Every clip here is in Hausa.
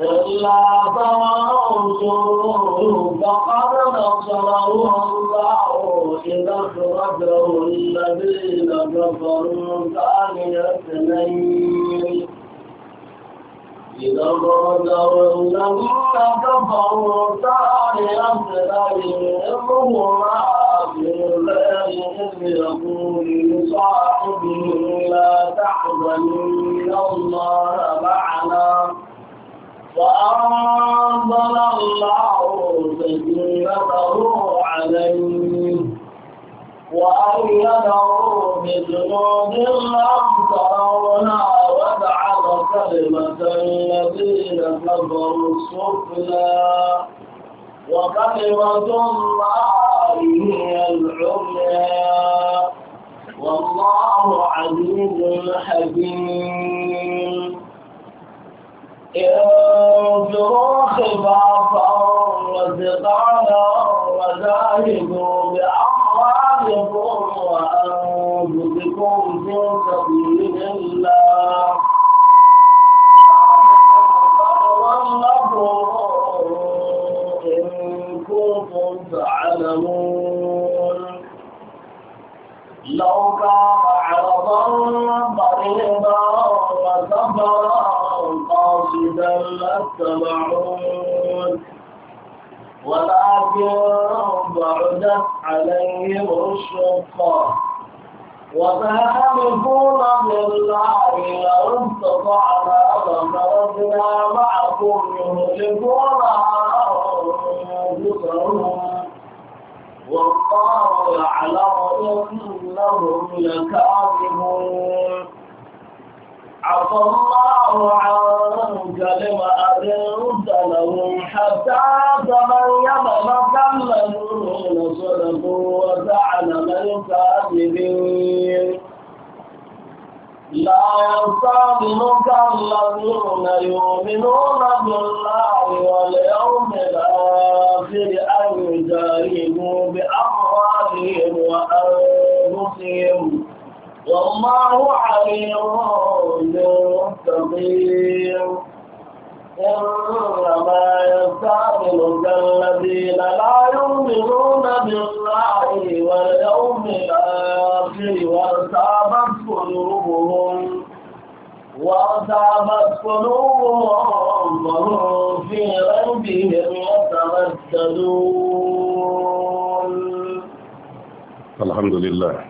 إلا تنصروا فقد نصره الله إذا أخرجه الذين كفروا ثاني اثنين إذا أخرجه الذين كفروا ثاني اثنين إذهما في الليل إذ يقول لصاحبه لا تحزن الله معنا وأنزل الله سكينته عليه وأيده بجنود لم ترونها وجعل كلمة الذين كفروا السفلى وكلمة الله هي العليا والله عزيز حكيم انفروا خفافا وثقالا وجاهدوا بأموالكم وأنفسكم في سبيل الله ولكم إن كنتم تعلمون لو كان عرضا قريبا وسفرا إذا ولكن بعدت عليهم الشقة وتهلكون بالله لو استطعنا لخرجنا معكم يهلكون أنفسهم والله يعلم إنهم لكاذبون عفى الله عنك لما أذنت لهم حتى تبين لك الذين صدقوا وتعلم الكاذبين لا يستأذنك الذين يؤمنون بالله واليوم الآخر أن يجاهدوا بأموالهم وأنفسهم والله عليم بالمتقين إنما يستعملك الذين لا يؤمنون بالله واليوم الآخر وارتابت قلوبهم وارتابت قلوبهم فهم في ربهم يترددون الحمد لله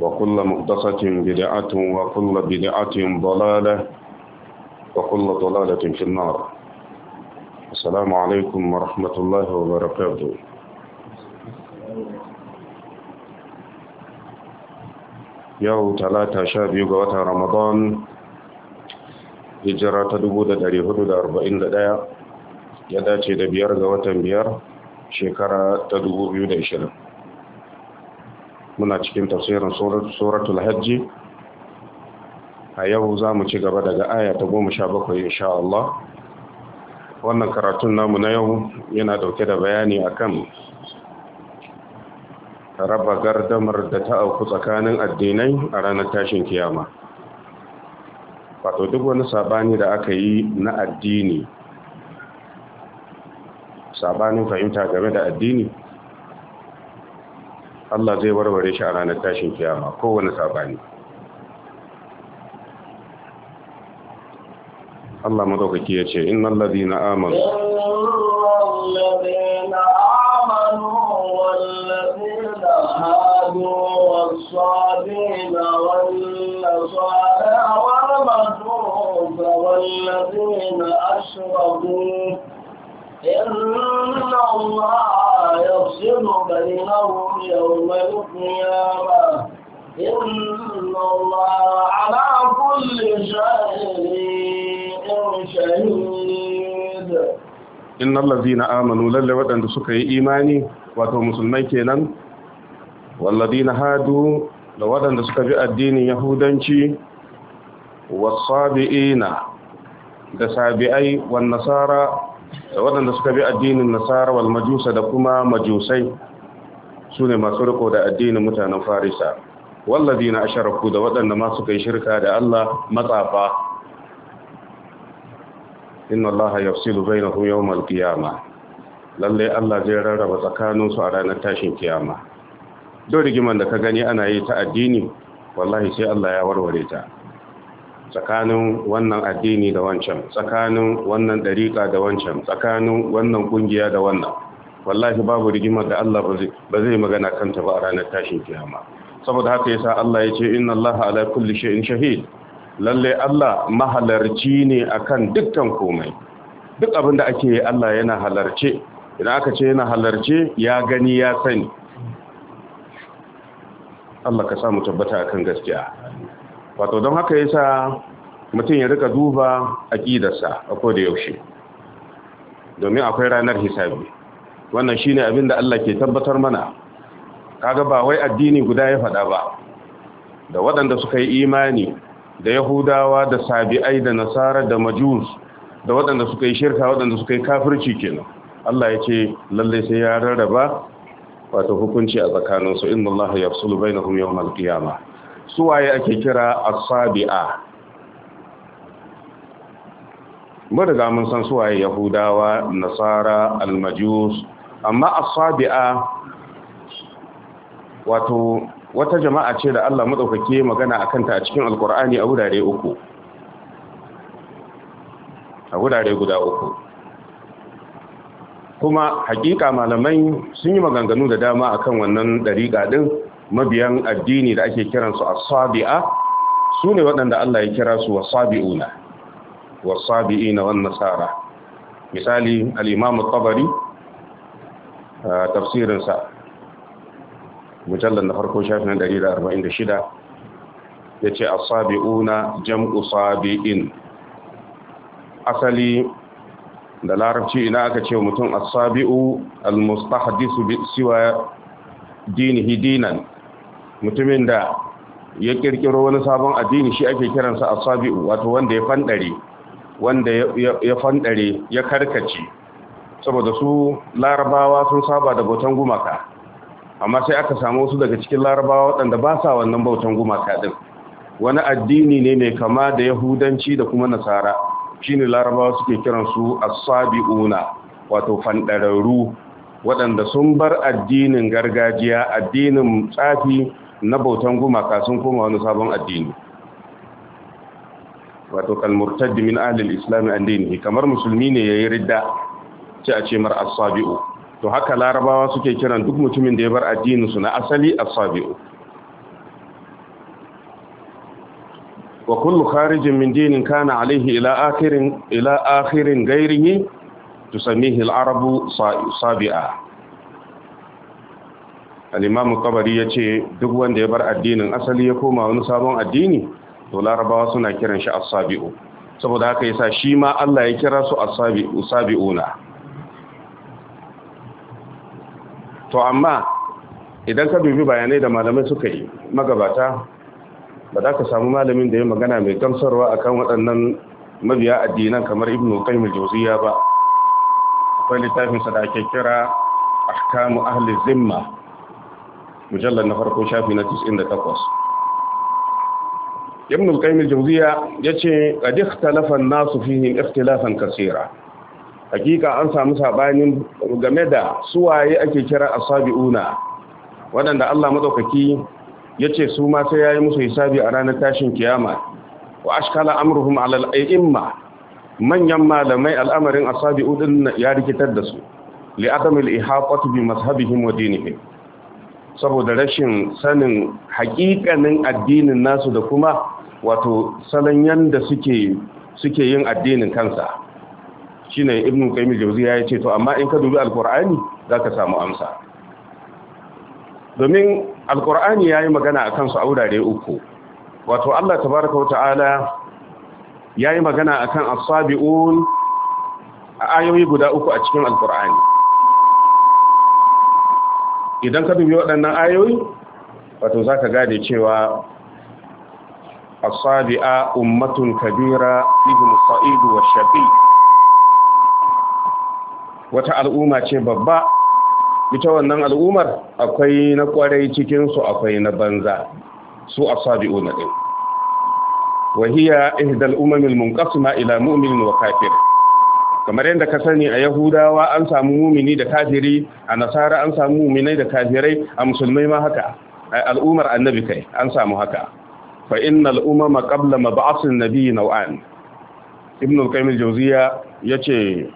وكل مقدسة بدعة وكل بدعة ضلالة وكل ضلالة في النار السلام عليكم ورحمة الله وبركاته yau talata sha biyu ga watan ramadan hijira ta dubu da hudu da arba'in da ɗaya, ya dace da biyar ga watan biyar shekara ta dubu biyu da ishirin. muna cikin tafsirin suratul hajji a yau za mu ci gaba daga aya ta goma sha bakwai insha Allah wannan karatun namu na yau yana dauke da bayani akan raba gardamar da ta auku tsakanin addinai a ranar tashin kiyama wato duk wani sabani da aka yi na addini sabanin fahimta game da addini Allah zai warware shi a ranar tashin kiyama kowane sabani Allah madaukaki ya ce innal ladina amanu na amanu wal ladina hadu was sabina wal nasara wal majusa wal ladina ashraku inna Allah Inna lalazi na amanu lalle waɗanda suka yi imani wato musulmai kenan, wallazi na hadu da waɗanda suka bi addinin Yahudanci, wasu sabi'ina da sabi'ai wa nasara waɗanda suka bi addinin nasara wal majusa da kuma majusai su ne masu riko da addinin mutanen farisa wallazi na asharaku da waɗanda masu suka yi shirka da Allah matsafa inna Allah yafsilu yawm al-qiyama lalle Allah zai rarraba tsakaninsu a ranar tashin kiyama duk rigiman da ka gani ana yi ta addini wallahi sai Allah ya warware ta tsakanin wannan addini da wancan tsakanin wannan dariƙa da wancan tsakanin wannan ƙungiya da wannan wallahi babu rigimar da Allah ba zai magana kanta ba a ranar tashin kiyama saboda haka yasa Allah ya ce inna Allah ala kulli shay'in shahid lalle Allah mahalarci ne akan dukkan komai duk abin da ake yi Allah yana halarce idan aka ce yana halarce ya gani ya sani Allah ka sa mu tabbata akan gaskiya wato don haka yasa mutum ya rika duba aqidarsa a da yaushe domin akwai ranar hisabi wannan shine abin da Allah ke tabbatar mana kaga ba wai addini guda ya faɗa ba da waɗanda suka yi imani da yahudawa da sabi'ai da nasara da majus da waɗanda suka yi shirka waɗanda suka yi kafirci kenan Allah ya ce lallai sai ya rarraba wato hukunci a tsakaninsu inna Allah ya na bainahum yawmal qiyamah suwaye ake kira asabi'a riga mun san suwaye yahudawa nasara almajus amma asabi'a wato wata jama'a ce da Allah madaukake magana akan ta a cikin alkur'ani a wurare uku a wurare guda uku kuma hakika malamai sun yi maganganu da dama akan wannan ɗariƙa din mabiyan addini da ake kiransu as-sabi'a su ne waɗanda Allah ya kira su wa wasabi'ina wa nasara misali al-imam at-tabari tafsirin tafsirinsa mujallar na farko shafin 146 yace a sabiuna jam'u sabi'in asali da larabci ina aka ce mutum asabi'u al-mustahdisu bi siwa dinihi dinan mutumin da ya kirkiro wani sabon addini shi ake kiransa asabi wato wanda ya fandare wanda ya fandare ya karkace saboda su larabawa sun saba da bautan gumaka amma sai aka samu wasu daga cikin larabawa waɗanda ba sa wannan bautan gumaka din wani addini ne mai kama da yahudanci da kuma nasara shine larabawa suke kiransu asabi'una wato fandararru waɗanda sun bar addinin gargajiya addinin tsafi na bautan gumaka sun koma wani sabon addini wato kalmurtaddi min ahlil islami addini kamar musulmi ne yayi ridda ce a ce to haka larabawa suke kiran duk mutumin da ya bar addinin su na asali as-sabi'u wa kullu kharijin min dinin kana alaihi ila akhirin ila akhirin ghairihi tusammihi al-arabu sabi'a al'imamu kabari ya ce duk wanda ya bar addinin asali ya koma wani sabon addini to larabawa suna kiran shi asabi'u saboda haka yasa shi ma Allah ya kira su asabi'u sabi'una to amma idan ka dubi bayanai da malamai suka yi magabata ba za ka samu malamin da ya magana mai gamsarwa akan waɗannan mabiya addinan kamar ibnu qayyim al ba akwai littafinsa da ake kira ahkamu ahli zimma mujallar na farko shafi na 98 ibn al-qayyim al-jawziya yace duk talafan an-nasu fihim ikhtilafan kaseera hakika an samu sabanin game da suwaye ake kira asabiuna Waɗanda Allah madaukaki yace su ma sai yi musu hisabi a ranar tashin kiyama wa ashkala amruhum ala al-a'imma manyan malamai al'amarin asabi'u din ya rikitar da su li adam al bi mazhabihim wa dinihim saboda rashin sanin hakikanin addinin nasu da kuma wato salon yadda suke yin addinin kansa shi ne ibnu qayyim jauzi ya ce to amma in ka dubi Alkur'ani za ka samu amsa domin Alkur'ani ya yi magana a kansu a wurare uku wato Allah ta'ala wata'ala yi magana a kan asabi'un a ayoyi guda uku a cikin Alkur'ani. idan ka dubi waɗannan ayoyi wato za ka gane cewa asabi'a ummatun kabira ibn sa'idu wa shafi wata al'umma ce babba ita wannan al'ummar akwai na kwarai cikinsu akwai na banza su asabi'u na ɗin ihdal umamil munqasima ila mu'minin wa وكافر kamar yadda ka sani a yahudawa an samu mumini da kafiri a nasara an samu muminai da kafirai a musulmai ma haka A al'umar annabi kai an samu haka fa innal ma qabla ma mab'athin nabiy naw'an ibn al-qayyim al-jawziya yace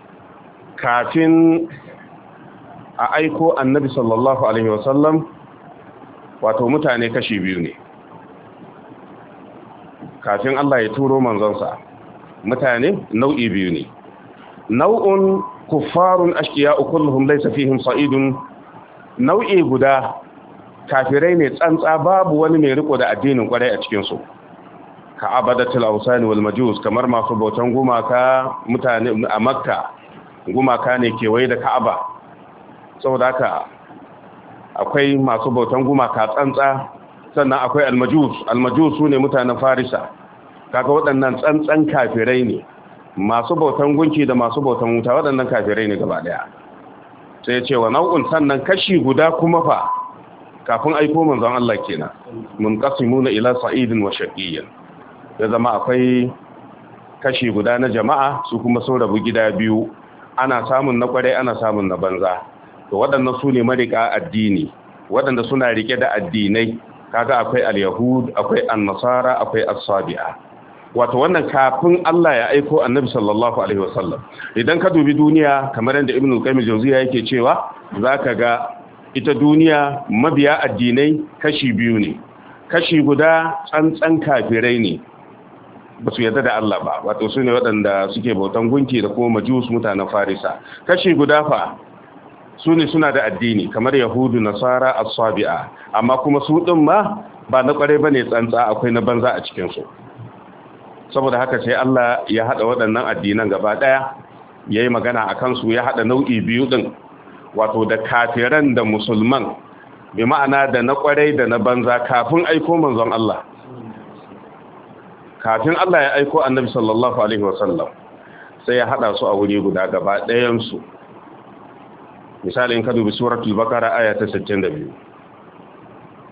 kafin a aiko annabi sallallahu alaihi wasallam wato mutane kashi biyu ne kafin Allah ya turo manzonsa mutane nau'i biyu ne nau'un kuffarun ashkiya kulluhum laysa fihim sa'idun nau'i guda kafirai ne tsantsa babu wani mai riko da addinin kwarai a cikin su ka abadatul awsani wal majus kamar masu bautan gumaka mutane a makka gumaka ne kewaye da ka'aba saboda haka akwai masu bautan gumaka tsantsa sannan akwai almajus almajus su ne mutanen farisa kaga waɗannan tsantsan kafirai ne masu bautan gunki da masu bautan wuta waɗannan kafirai ne gaba ɗaya sai ce wa nau'un sannan kashi guda kuma fa kafin aiko manzon Allah kenan mun na ila sa'idin wa shaqiyyin da zama akwai kashi guda na jama'a su kuma sun rabu gida biyu ana samun na kwarai ana samun na banza to waɗannan su ne marika addini waɗanda suna rike da addinai kaga akwai al-yahud akwai an-nasara akwai as-sabi'a wato wannan kafin Allah ya aiko annabi sallallahu alaihi wasallam idan ka dubi duniya kamar yadda ibnu qayyim jawziya yake cewa zaka ga ita duniya mabiya addinai kashi biyu ne kashi guda tsantsan kafirai ne ba su yarda da Allah ba wato su ne waɗanda suke bautan gunki da kuma majus mutanen farisa kashi guda fa su suna da addini kamar yahudu nasara as-sabi'a amma kuma su din ma ba na kware bane tsantsa akwai na banza a cikin su saboda haka sai Allah ya haɗa waɗannan addinan gaba ɗaya ya yi magana a kansu ya haɗa nau'i biyu ɗin wato da kafiran da musulman bi ma'ana da na ƙwarai da na banza kafin aiko manzon Allah kafin Allah ya aiko annabi sallallahu alaihi wasallam sai ya haɗa su a wuri guda gaba ɗayansu misali in ka dubi suratul baqara aya ta 62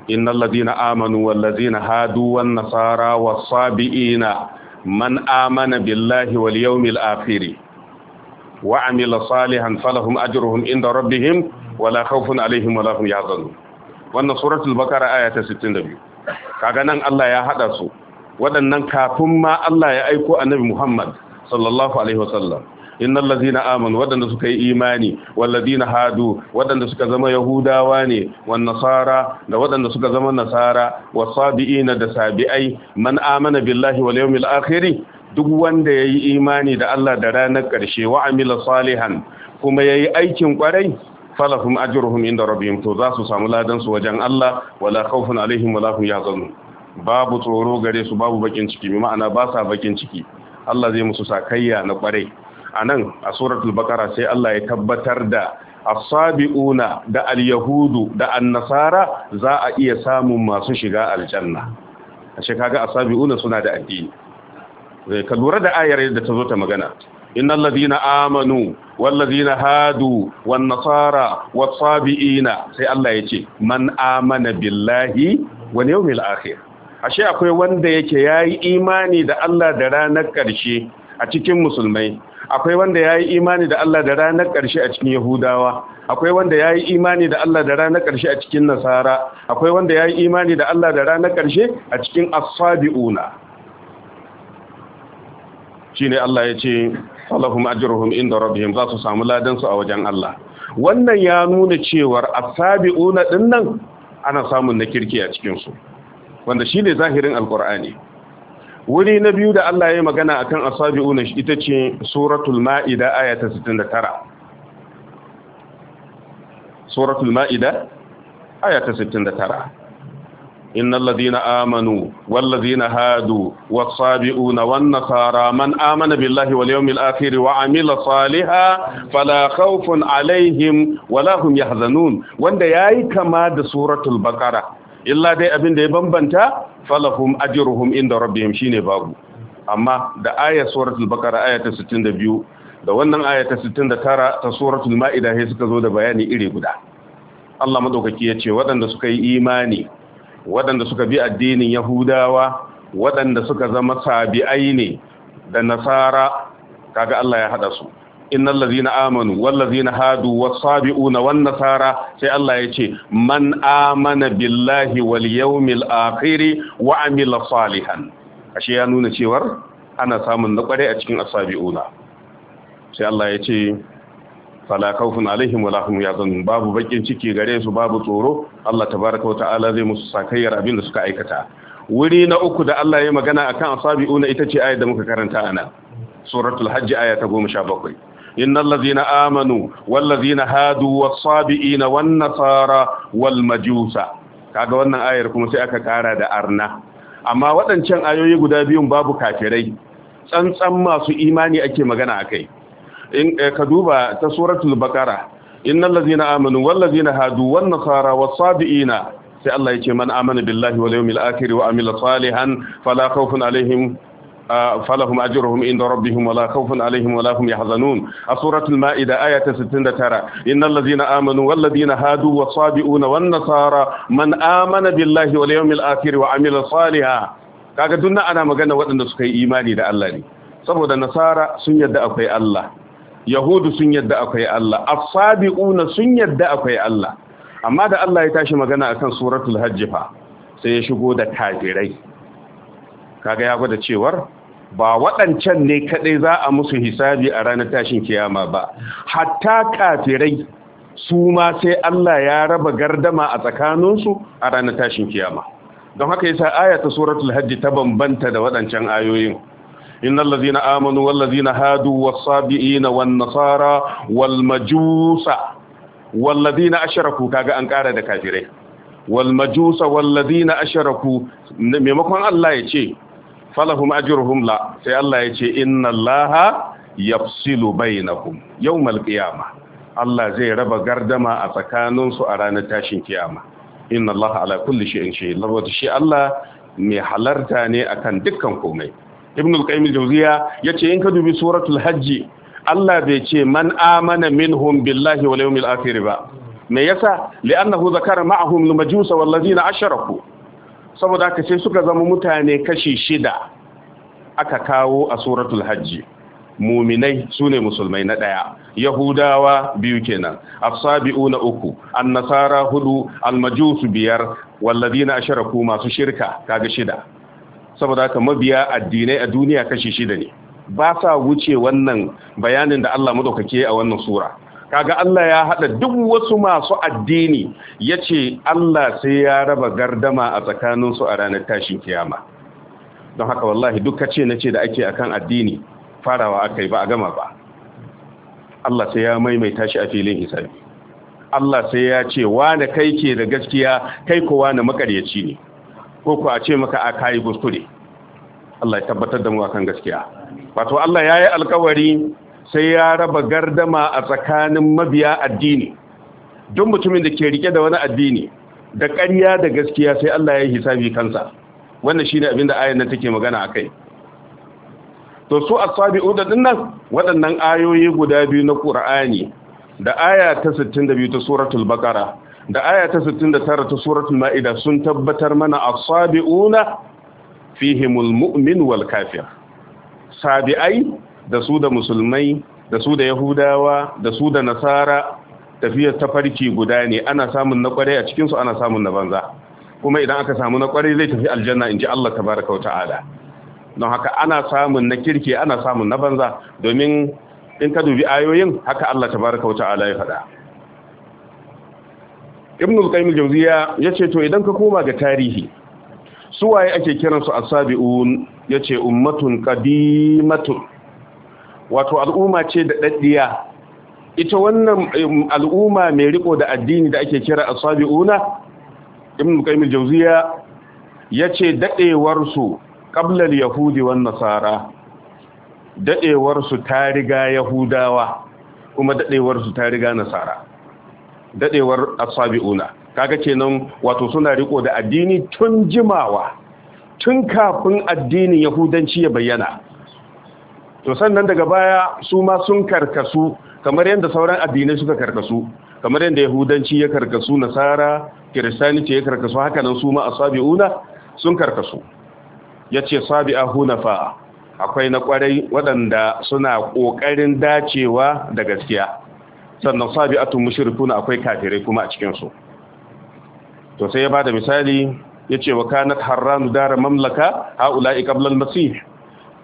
wal ladina hadu wan nasara was sabiina man amana billahi wal yawmil akhir wa amila salihan falahum ajruhum inda rabbihim wala khawfun alaihim wala hum yahzanun wannan suratul bakara aya ta 62 kaga nan Allah ya hada su waɗannan kafin ma Allah ya aiko annabi Muhammad sallallahu alaihi wasallam innal ladina amanu wadanda suka yi imani wal ladina hadu wadanda suka zama yahudawa ne wan nasara da wadanda suka zama nasara wasabiina da sabi'ai man amana billahi wal yawmil akhir duk wanda yayi imani da Allah da ranar karshe wa amila salihan kuma yayi aikin kwarai falahum ajruhum inda rabbihim to za su samu ladan su wajen Allah wala khawfun alaihim wala hum yahzanun babu tsoro gare su babu bakin ciki bi ma'ana ba sa bakin ciki Allah zai musu sakayya na kwarai a nan a suratul bakara sai Allah ya tabbatar da asabi'una da al-yahudu da an-nasara za a iya samun masu shiga aljanna ashe kaga asabi'una suna da addini eh, ka lura da ayar da ta zo ta magana innal ladina amanu wal ladina hadu wan nasara was sabiina sai Allah ya ce man amana billahi wal yawmil akhir ashe akwai wanda yake yayi imani da Allah da ranar ƙarshe a cikin musulmai akwai wanda ya yi imani da Allah da ranar ƙarshe a cikin Yahudawa akwai wanda ya yi imani da Allah da ranar ƙarshe a cikin Nasara akwai wanda ya yi imani da Allah da ranar ƙarshe a cikin as Shi ne Allah ya ce falahum ajruhum inda rabbihim za su samu ladan su a wajen Allah wannan ya nuna cewar as ɗin dinnan ana samun na kirki a cikinsu. Wanda shi ne zahirin Alƙur'ani wuri na biyu da Allah ya yi magana a kan asabi'una ita ce suratul ma'ida aya ta 69 suratul ma'ida aya 69 inna amanu wallazina hadu was-sabi'una wan-nasara man amana billahi wal yawmil akhir wa amila salihan fala khawfun alaihim wala hum yahzanun wanda yayi kama da suratul baqara illa dai abin da ya bambanta falahum ajruhum inda rabbihim shine babu amma da ayat suratul baqara aya 62 da wannan aya 69 ta suratul maida sai suka zo da bayani iri guda Allah madaukaki ya ce waɗanda suka yi imani waɗanda suka bi addinin yahudawa waɗanda suka zama sabi'ai ne da nasara kaga Allah ya hada su innal ladhina amanu wal na hadu was na wan nasara sai Allah ya ce man amana billahi wal yawmil akhir wa amila salihan ashe ya nuna cewar ana samun na kware a cikin Asabi'una. sai Allah ya ce fala khawfun alaihim wala hum yazanun babu bakin ciki gare su babu tsoro Allah tabaaraka wa ta'ala zai musu sakayyar abin da suka aikata wuri na uku da Allah ya magana akan asabi'una ita ce ayat da muka karanta ana suratul hajj aya ta 17 innal ladzina amanu wal ladzina hadu was sabiina kaga wannan ayar kuma sai aka kara da arna amma waɗancan ayoyi guda biyun babu kafirai tsantsan masu imani ake magana a in eh, ka duba ta suratul baqara innal ladzina amanu wal ladzina hadu wan nasara was sabiina sai Allah ya ce man amana billahi wal yawmil akhir wa amila salihan fala khawfun alaihim falahum ajruhum inda rabbihim wala khawfun a suratul maida aya ta 69 innal ladzina amanu wal hadu wasabiuna wan billahi wal yawmil kaga dunna ana magana waɗanda suka yi imani da Allah ne saboda nasara sun yadda akwai Allah yahudu sun yadda akwai Allah as sun yadda akwai Allah amma da Allah ya tashi magana akan suratul hajjifa fa sai ya shigo da kafirai kaga ya gwada cewar ba waɗancan ne kaɗai za a musu hisabi a ranar tashin kiyama ba hatta kafirai su ma sai Allah ya raba gardama a tsakaninsu a ranar tashin kiyama don haka yasa aya ta suratul hajji ta bambanta da waɗancan ayoyin innal ladzina amanu wal ladzina hadu was-sabiina wan-nasara wal-majusa wal ladzina kaga an ƙara da kafirai wal maimakon Allah ya ce falahum ajruhum la sai Allah ya ce inna allaha yafsilu Yau yawmal qiyamah Allah zai raba gardama a tsakaninsu a ranar tashin kiyama inna allaha ala kulli shay'in shahid lawato shi Allah mai halarta ne akan dukkan komai ibn al-qayyim al-jawziya yace in ka dubi suratul hajj Allah bai ce man amana minhum billahi wal yawmil akhir ba me yasa li'annahu zakara ma'ahum al-majus wal ladina ku? saboda aka ce suka zama mutane kashi shida aka kawo a suratul hajji muminai su ne musulmai na ɗaya yahudawa biyu kenan asabi'u na uku annasara hudu almajusu biyar walladina asharaku masu shirka kaga shida saboda haka mabiya addinai a duniya kashi shida ne ba sa wuce wannan bayanin da Allah madaukake a wannan sura kaga Allah ya haɗa duk wasu masu addini ya ce Allah sai ya raba gardama a tsakaninsu a ranar tashin kiyama don haka wallahi duk kace na ce da ake akan addini farawa aka yi ba a gama ba Allah sai ya maimaita shi a filin hisabi Allah sai ya ce wane kai ke da gaskiya kai ko wane makaryaci ne ko ko a ce maka a kai gusture Allah ya tabbatar da mu akan gaskiya wato Allah ya yi alkawari sai ya raba gardama a tsakanin mabiya addini don mutumin da ke rike da wani addini da ƙarya da gaskiya sai Allah ya yi hisabi kansa wannan shine abin da ayan nan take magana akai to su as-sabi'u da dinnan waɗannan ayoyi guda biyu na Qur'ani da aya ta 62 ta suratul baqara da aya ta 69 ta suratul ma'ida sun tabbatar mana as-sabi'una fihimul mu'min wal kafir sabi'ai da su da musulmai da su da yahudawa da su da nasara tafiyar farki guda ne ana samun na kwarai a cikinsu ana samun na banza kuma idan aka samu na kwarai zai tafi aljanna in ji Allah tabaraka wa ta'ala don haka ana samun na kirki ana samun na banza domin in ka dubi ayoyin haka Allah tabaraka wa ta'ala ya faɗa ibn al-qayyim al-jawziya yace to idan ka koma ga tarihi su waye ake kiransu asabi'un yace ummatun qadimatun wato al'umma ce da daddiya ita wannan al'umma mai riko da addini da ake kira as-sabiuna ibn qayyim al-jawziya yace dadewar su qabla al-yahudi wan nasara dadewar ta riga yahudawa kuma dadewar ta riga nasara dadewar as-sabiuna kaga kenan wato suna riko da addini tun jimawa tun kafin addinin yahudanci ya bayyana to sannan daga baya su ma sun karkasu kamar yadda sauran addinai suka karkasu kamar yadda yahudanci ya karkasu nasara ce ya karkasu haka nan su ma a sabi'una sun karkasu Ya yace sabi'a hunafa akwai na kwarai waɗanda suna ƙoƙarin dacewa da gaskiya sannan sabi'atun mushrikuna akwai kafirai kuma a cikinsu. su to sai ya bada misali yace wa kanat harranu dara mamlaka haula'i qabla al-masih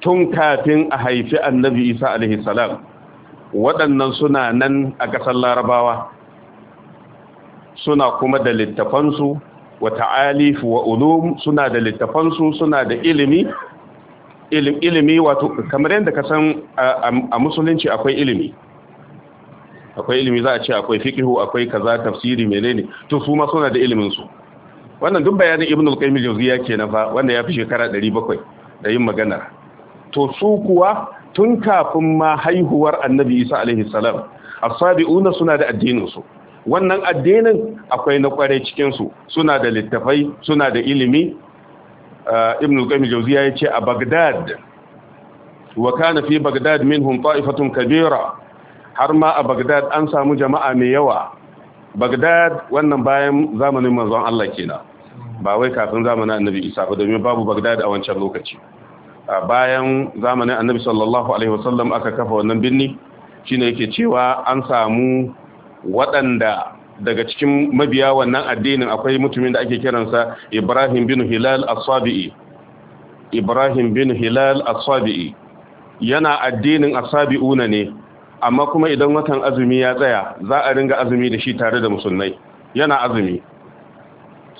tun kafin a haifi annabi isa alaihi salam waɗannan suna nan a ƙasar larabawa suna kuma da littafansu wa ta'alifu wa ulum suna da littafansu suna da ilimi ilimi wato kamar yadda ka san a musulunci akwai ilimi akwai ilimi za a ce akwai fikihu akwai kaza tafsiri menene Tun su ma suna da iliminsu. wannan duk bayanin ibnu al-qayyim al-jawziya kenan fa wanda ya fi shekara 700 da yin magana to su kuwa tun kafin ma haihuwar annabi isa alaihi salam suna da addinin su wannan addinin akwai na kware cikin su suna da littafai suna da ilimi ah, ibn al-qayyim jawziya yace a bagdad wa kana fi bagdad minhum ta'ifatun kabira har ma a bagdad an samu jama'a mai yawa bagdad wannan bayan zamanin manzon Allah kenan ba wai kafin zamanin annabi isa ba domin babu bagdad a wancan lokaci a bayan zamanin annabi sallallahu alaihi wasallam aka kafa wannan birni shine yake cewa an samu waɗanda daga cikin mabiya wannan addinin akwai mutumin da ake kiransa Ibrahim bin Hilal As-Sabi'i Ibrahim bin Hilal As-Sabi'i yana addinin As-Sabi'una ne amma kuma idan watan azumi ya tsaya za a ringa azumi da shi tare da musulmai yana azumi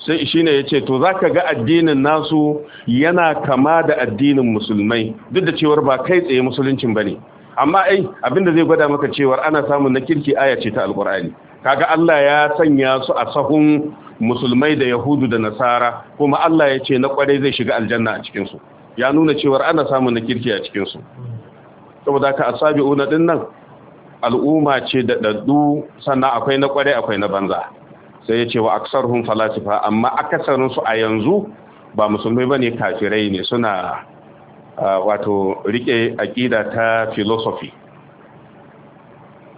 sai shi ne ya ce to za ka ga addinin nasu yana kama da addinin musulmai duk da cewar ba kai tsaye musuluncin ba ne amma ai abinda zai gwada maka cewar ana samun na kirki aya ce ta alkur'ani kaga Allah ya sanya su a sahun musulmai da yahudu da nasara kuma Allah ya ce na kwarai zai shiga aljanna a cikinsu ya nuna cewar ana samun na kirki a cikinsu saboda ka asabi'una din nan al'umma ce da daddu sannan akwai na kwarai akwai na banza sai ya ce wa aksarhum falasifa amma akasarin su a yanzu ba musulmai ne kafirai ne suna wato rike aƙida ta philosophy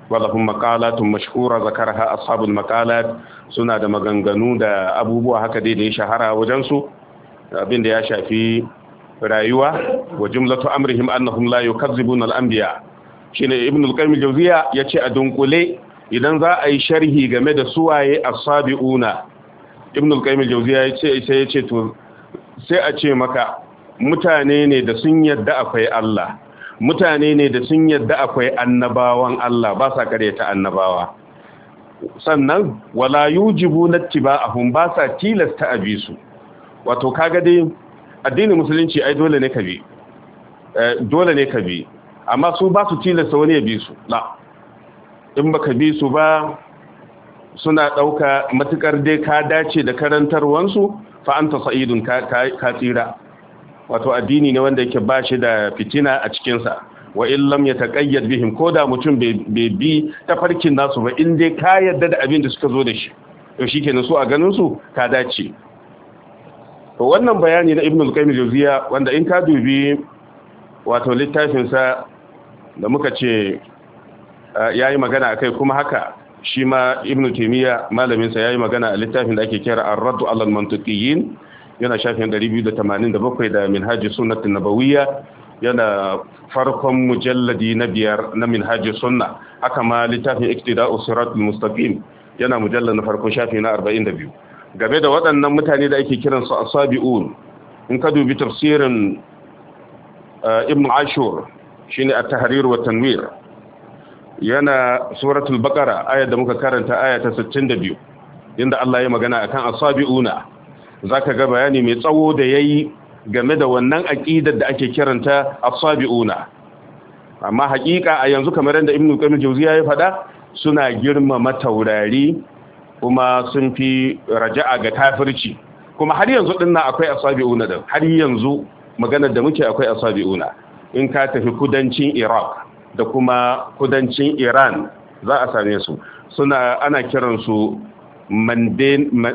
walahum maqalatun mashhura ha ashabul maqalat suna da maganganu da abubuwa haka dai da ya shahara wajen su Abinda ya shafi rayuwa wa jumlatu amrihim annahum la yukazzibuna al-anbiya shine ibn al-qayyim al-jawziya yace a dunkule idan za a yi sharhi game da suwaye sabi sabiuna ibn al-qayyim al-jawziya yace sai yace to sai a ce maka mutane ne da sun yadda akwai Allah mutane ne da sun yadda akwai annabawan Allah ba sa ta annabawa sannan wala yujibu nattiba'ahum ba sa tilasta abisu wato kaga dai addinin musulunci ai dole ne ka bi eh, dole ne ka bi amma su ba su tilasta wani ya bi su la in baka bi su ba suna ɗauka matuƙar dai ka dace da karantarwansu fa'anta sa'idun ka tsira wato addini ne wanda yake ba shi da fitina a cikinsa wa illam ya taƙayyar bihin ko da mutum bai bi ta farkin nasu ba in dai ka yarda da abin da suka zo da shi to shi ke su a ganinsu ka dace to wannan bayani na ibn al-qayyim jawziya wanda in ka dubi wato littafinsa da muka ce Eh, ya yi magana a kai kuma haka shi ma ibn taimiyya malaminsa ya yi magana a littafin da ake kira arraddu allon mantukiyin yana shafin 287 da minhaji sunnatin nabawiyya yana farkon mujalladi na biyar na minhaji sunna haka ma littafin iktida'u siratul mustaqim yana mujallar na farkon shafi na 42 game da waɗannan mutane da ake kiran kiransu asabi'un in ka dubi tafsirin eh, ibn ashur shine at-tahrir wa tanwir yana suratul baqara ayat da muka karanta aya ta 62 inda Allah ya magana akan asabiuna zaka ga bayani mai tsawo da yayi game da wannan aqidar da ake kiranta asabiuna amma hakika a yanzu kamar yadda Ibnu Qayyim Jawziya ya faɗa suna girmama taurari kuma sun fi raja'a ga kafirci kuma har yanzu dinnan akwai asabiuna din har yanzu maganar da muke akwai asabiuna in ka tafi kudancin Iraq da kuma kudancin iran za a same su suna ana kiransu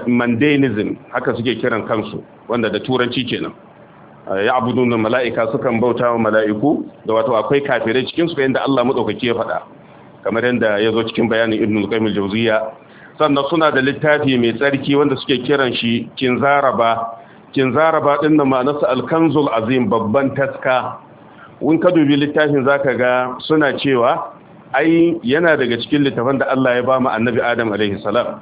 mandanism haka suke kiran kansu wanda da turanci kenan eh, ya abudun da mala'ika sukan bauta wa mala'iku da wato akwai kafirai cikinsu yadda Allah maɗaukaki ya faɗa kamar yadda ya zo cikin bayanin ibn al-qaimul jawziya sannan suna da littafi mai tsarki wanda suke kiran shi kin kinzaraba kinzaraba din da ma'anarsa alkanzul azim babban taska in ka dubi littafin zaka ga suna cewa ai yana daga cikin littafan da Allah ya ba mu annabi Adam alaihi salam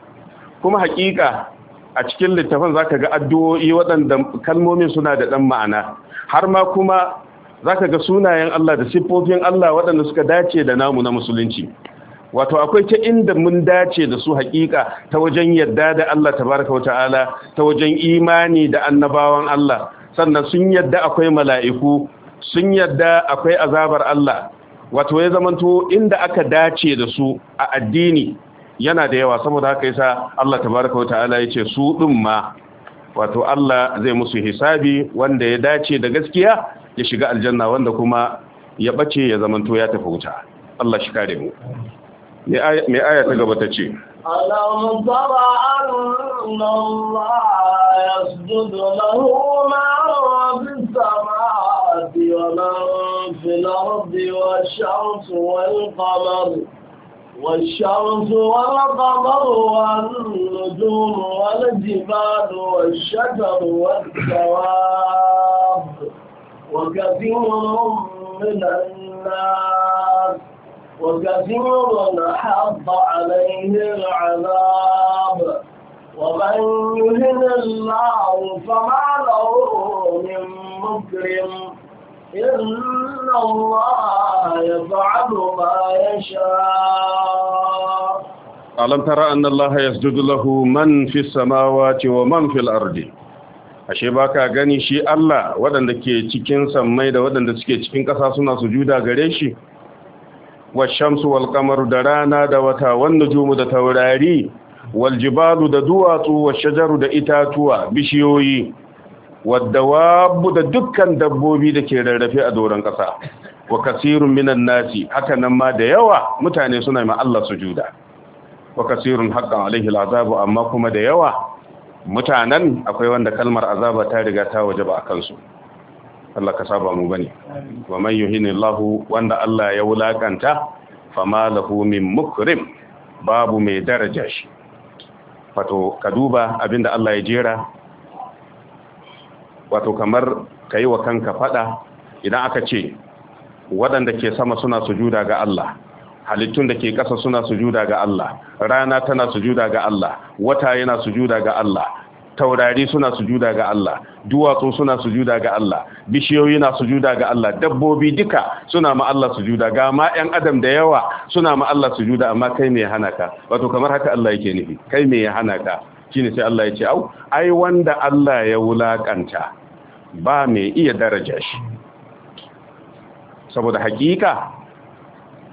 kuma hakika a cikin littafan zaka ga addu'o'i waɗanda kalmomin suna da ɗan ma'ana har ma kuma zaka ga sunayen Allah da siffofin Allah waɗanda suka dace da namu na musulunci wato akwai ta inda mun dace da su hakika ta wajen yadda da Allah tabaraka wata'ala ta wajen imani da annabawan Allah sannan sun yadda akwai mala'iku sun yadda akwai azabar Allah wato ya zamanto inda aka dace da su a addini yana da yawa saboda haka yasa Allah tabaraka wa ta'ala yace su din ma wato Allah zai musu hisabi wanda ya dace da gaskiya ya shiga aljanna wanda kuma ya bace ya zamanto ya tafi wuta Allah shi kare mu me aya ta gaba tace ce tara Allah yasjudu lahu ma fi السماوات ومن في الأرض والشمس والقمر والشمس والقمر والنجوم والجبال والشجر والدواب وكثير من الناس وكثير حق عليه العذاب ومن يهن الله فما له من مكرم إن الله يفعل ما يشاء ألم ترى أن الله يسجد له من في السماوات ومن في الأرض ashe baka gani shi Allah waɗanda ke cikin sammai da waɗanda suke cikin ƙasa suna sujuda gare shi wa shamsu wal da rana da wata wan jumu da taurari waljibalu da duwatsu wa shajaru da itatuwa bishiyoyi waddawabu da dukkan dabbobi da ke rarrafe a doron ƙasa wa kasirun minan nasi haka nan ma da yawa mutane suna ma Allah sujuda wa kasirun haƙƙan alaihi al'azabu amma kuma da yawa mutanen akwai wanda kalmar azaba ta riga ta waje ba a kansu Allah ka saba mu bane wa man yuhinillahu wanda Allah ya wulakanta fama lahu min mukrim babu mai daraja shi wato ka duba abinda Allah ya jera wato kamar ka yi wa kanka fada idan aka ce waɗanda ke sama suna sujuda ga Allah halittun da ke ƙasa suna sujuda ga Allah rana tana sujuda ga Allah wata yana sujuda ga Allah taurari suna sujuda ga Allah duwatsu suna sujuda ga Allah bishiyoyi na sujuda ga Allah dabbobi duka suna ma Allah sujuda ga ma ƴan adam da yawa suna ma Allah sujuda amma kai me ya hana ka wato kamar haka Allah yake nufi kai me ya hana ka shine sai Allah ya ce au ai wanda Allah ya wulakanta ba mai iya daraja shi saboda hakika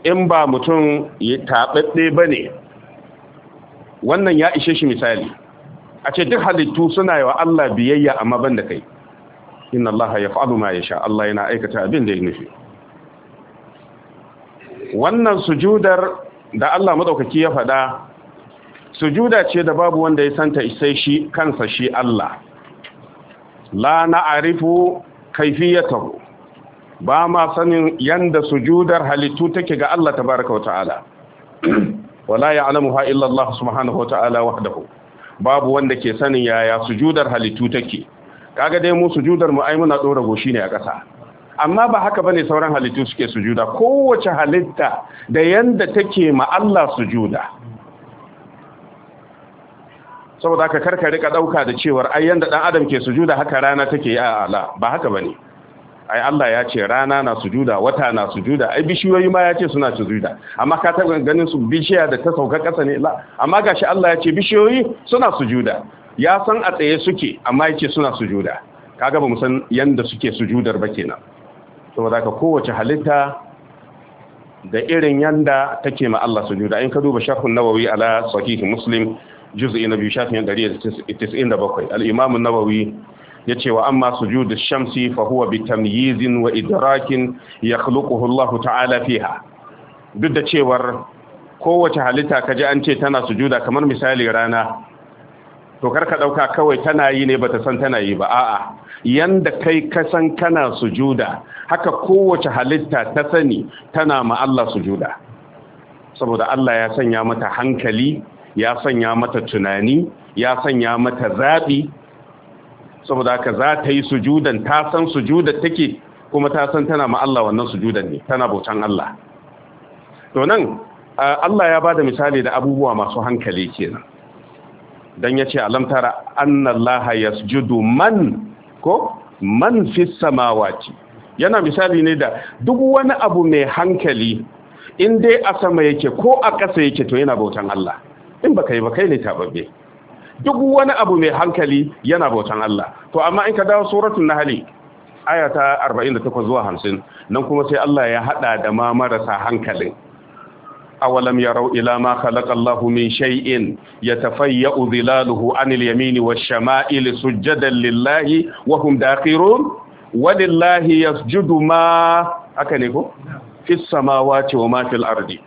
in ba mutum ya taɓaɓɓe ba wannan ya ishe shi misali a ce duk halittu suna yi wa Allah biyayya amma ban da kai inna Allah ya fa'adu ma ya sha Allah yana aikata abin da ya nufi wannan sujudar da Allah maɗaukaki ya faɗa sujuda ce da babu wanda ya santa isai shi kansa shi Allah la na arifu kaifiyatahu ba ma sanin yanda sujudar halittu take ga Allah baraka wa ta'ala wala ya'lamuha illa Allah subhanahu wa ta'ala wahdahu babu wanda ke sanin yaya sujudar halittu take kaga dai mu sujudar mu ai muna dora goshi ne a ƙasa amma ba haka bane sauran halittu suke sujuda kowace halitta da yanda take ma Allah sujuda saboda haka karka rika dauka da cewar ai yanda dan adam ke sujuda haka rana take ya ala ba haka bane ai Allah ya ce rana na sujuda wata na sujuda ai bishiyoyi ma ya ce suna sujuda amma ka taɓa ganin su bishiya da ta sauka kasa ne la amma gashi Allah ya ce bishiyoyi suna sujuda ya san a tsaye suke amma ya ce suna sujuda kaga ba mu san yanda suke sujudar ba kenan saboda ka kowace halitta da irin yanda take ma Allah sujuda in ka duba sharhun nawawi ala sahih muslim juz'i na biyu shafin 197 al-imam an-nawawi ce wa amma sujudu shamsi fa huwa bi tamyizin wa idrakin yakhluquhu Allah ta'ala fiha duk da cewar kowace halitta kaji an ce tana sujuda kamar misali rana to karka dauka kawai tana yi ne bata san tana yi ba a'a yanda kai ka san kana sujuda haka kowace halitta ta sani tana ma Allah sujuda saboda Allah ya sanya mata hankali ya sanya mata tunani ya sanya mata zaɓi saboda haka za ta yi sujudan ta san sujudar take kuma ta san tana ma Allah wannan sujudan ne tana bautan Allah to nan Allah ya bada misali da abubuwa masu hankali kenan dan yace alam tara anna yasjudu man ko man fis samawati yana misali ne da duk wani abu mai hankali in dai a sama yake ko a ƙasa yake to yana bautan Allah in baka yi ba kai ne tababbe duk wani abu mai hankali yana bautan Allah to amma in ka dawo suratul nahl ayata 48 zuwa 50 nan kuma sai Allah ya hada da ma marasa hankalin awalam yarau ila ma khalaqa Allahu min shay'in yatafayyu dhilaluhu anil yamini wash-shama'ili sujadan lillahi wa hum dakhirun walillahi yasjudu ma aka ne ko fis samawati wa ma fil ardi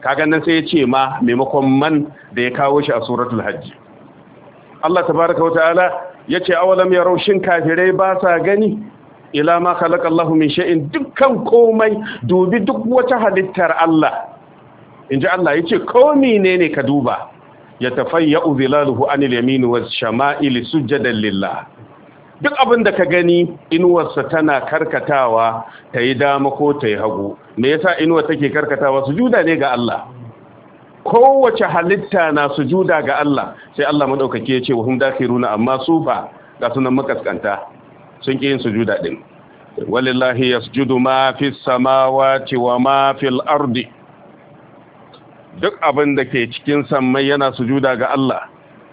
kaga nan sai ya ce ma maimakon man da ya kawo shi a suratul hajji Allah tabaraka wa ta'ala yace awalam yarau raushin kafirai ba sa gani ila ma khalaqa Allah min shay'in dukkan komai dubi duk wata halittar Allah inji Allah yace komai ne ne ka duba Ya yatafayyu zilaluhu anil yamin was shama'il sujadan lillah duk abin da ka gani inuwarsa tana karkatawa tayi dama ko tayi hagu me yasa inuwar take karkatawa sujuda ne ga Allah kowace halitta na sujuda ga Allah sai Allah madaukake ya ce wa hum dakhiruna amma su ba ga sunan makaskanta sun ki yin sujuda din walillahi yasjudu ma fis samawati wa ma fil ardi duk abin da ke cikin sammai yana sujuda ga Allah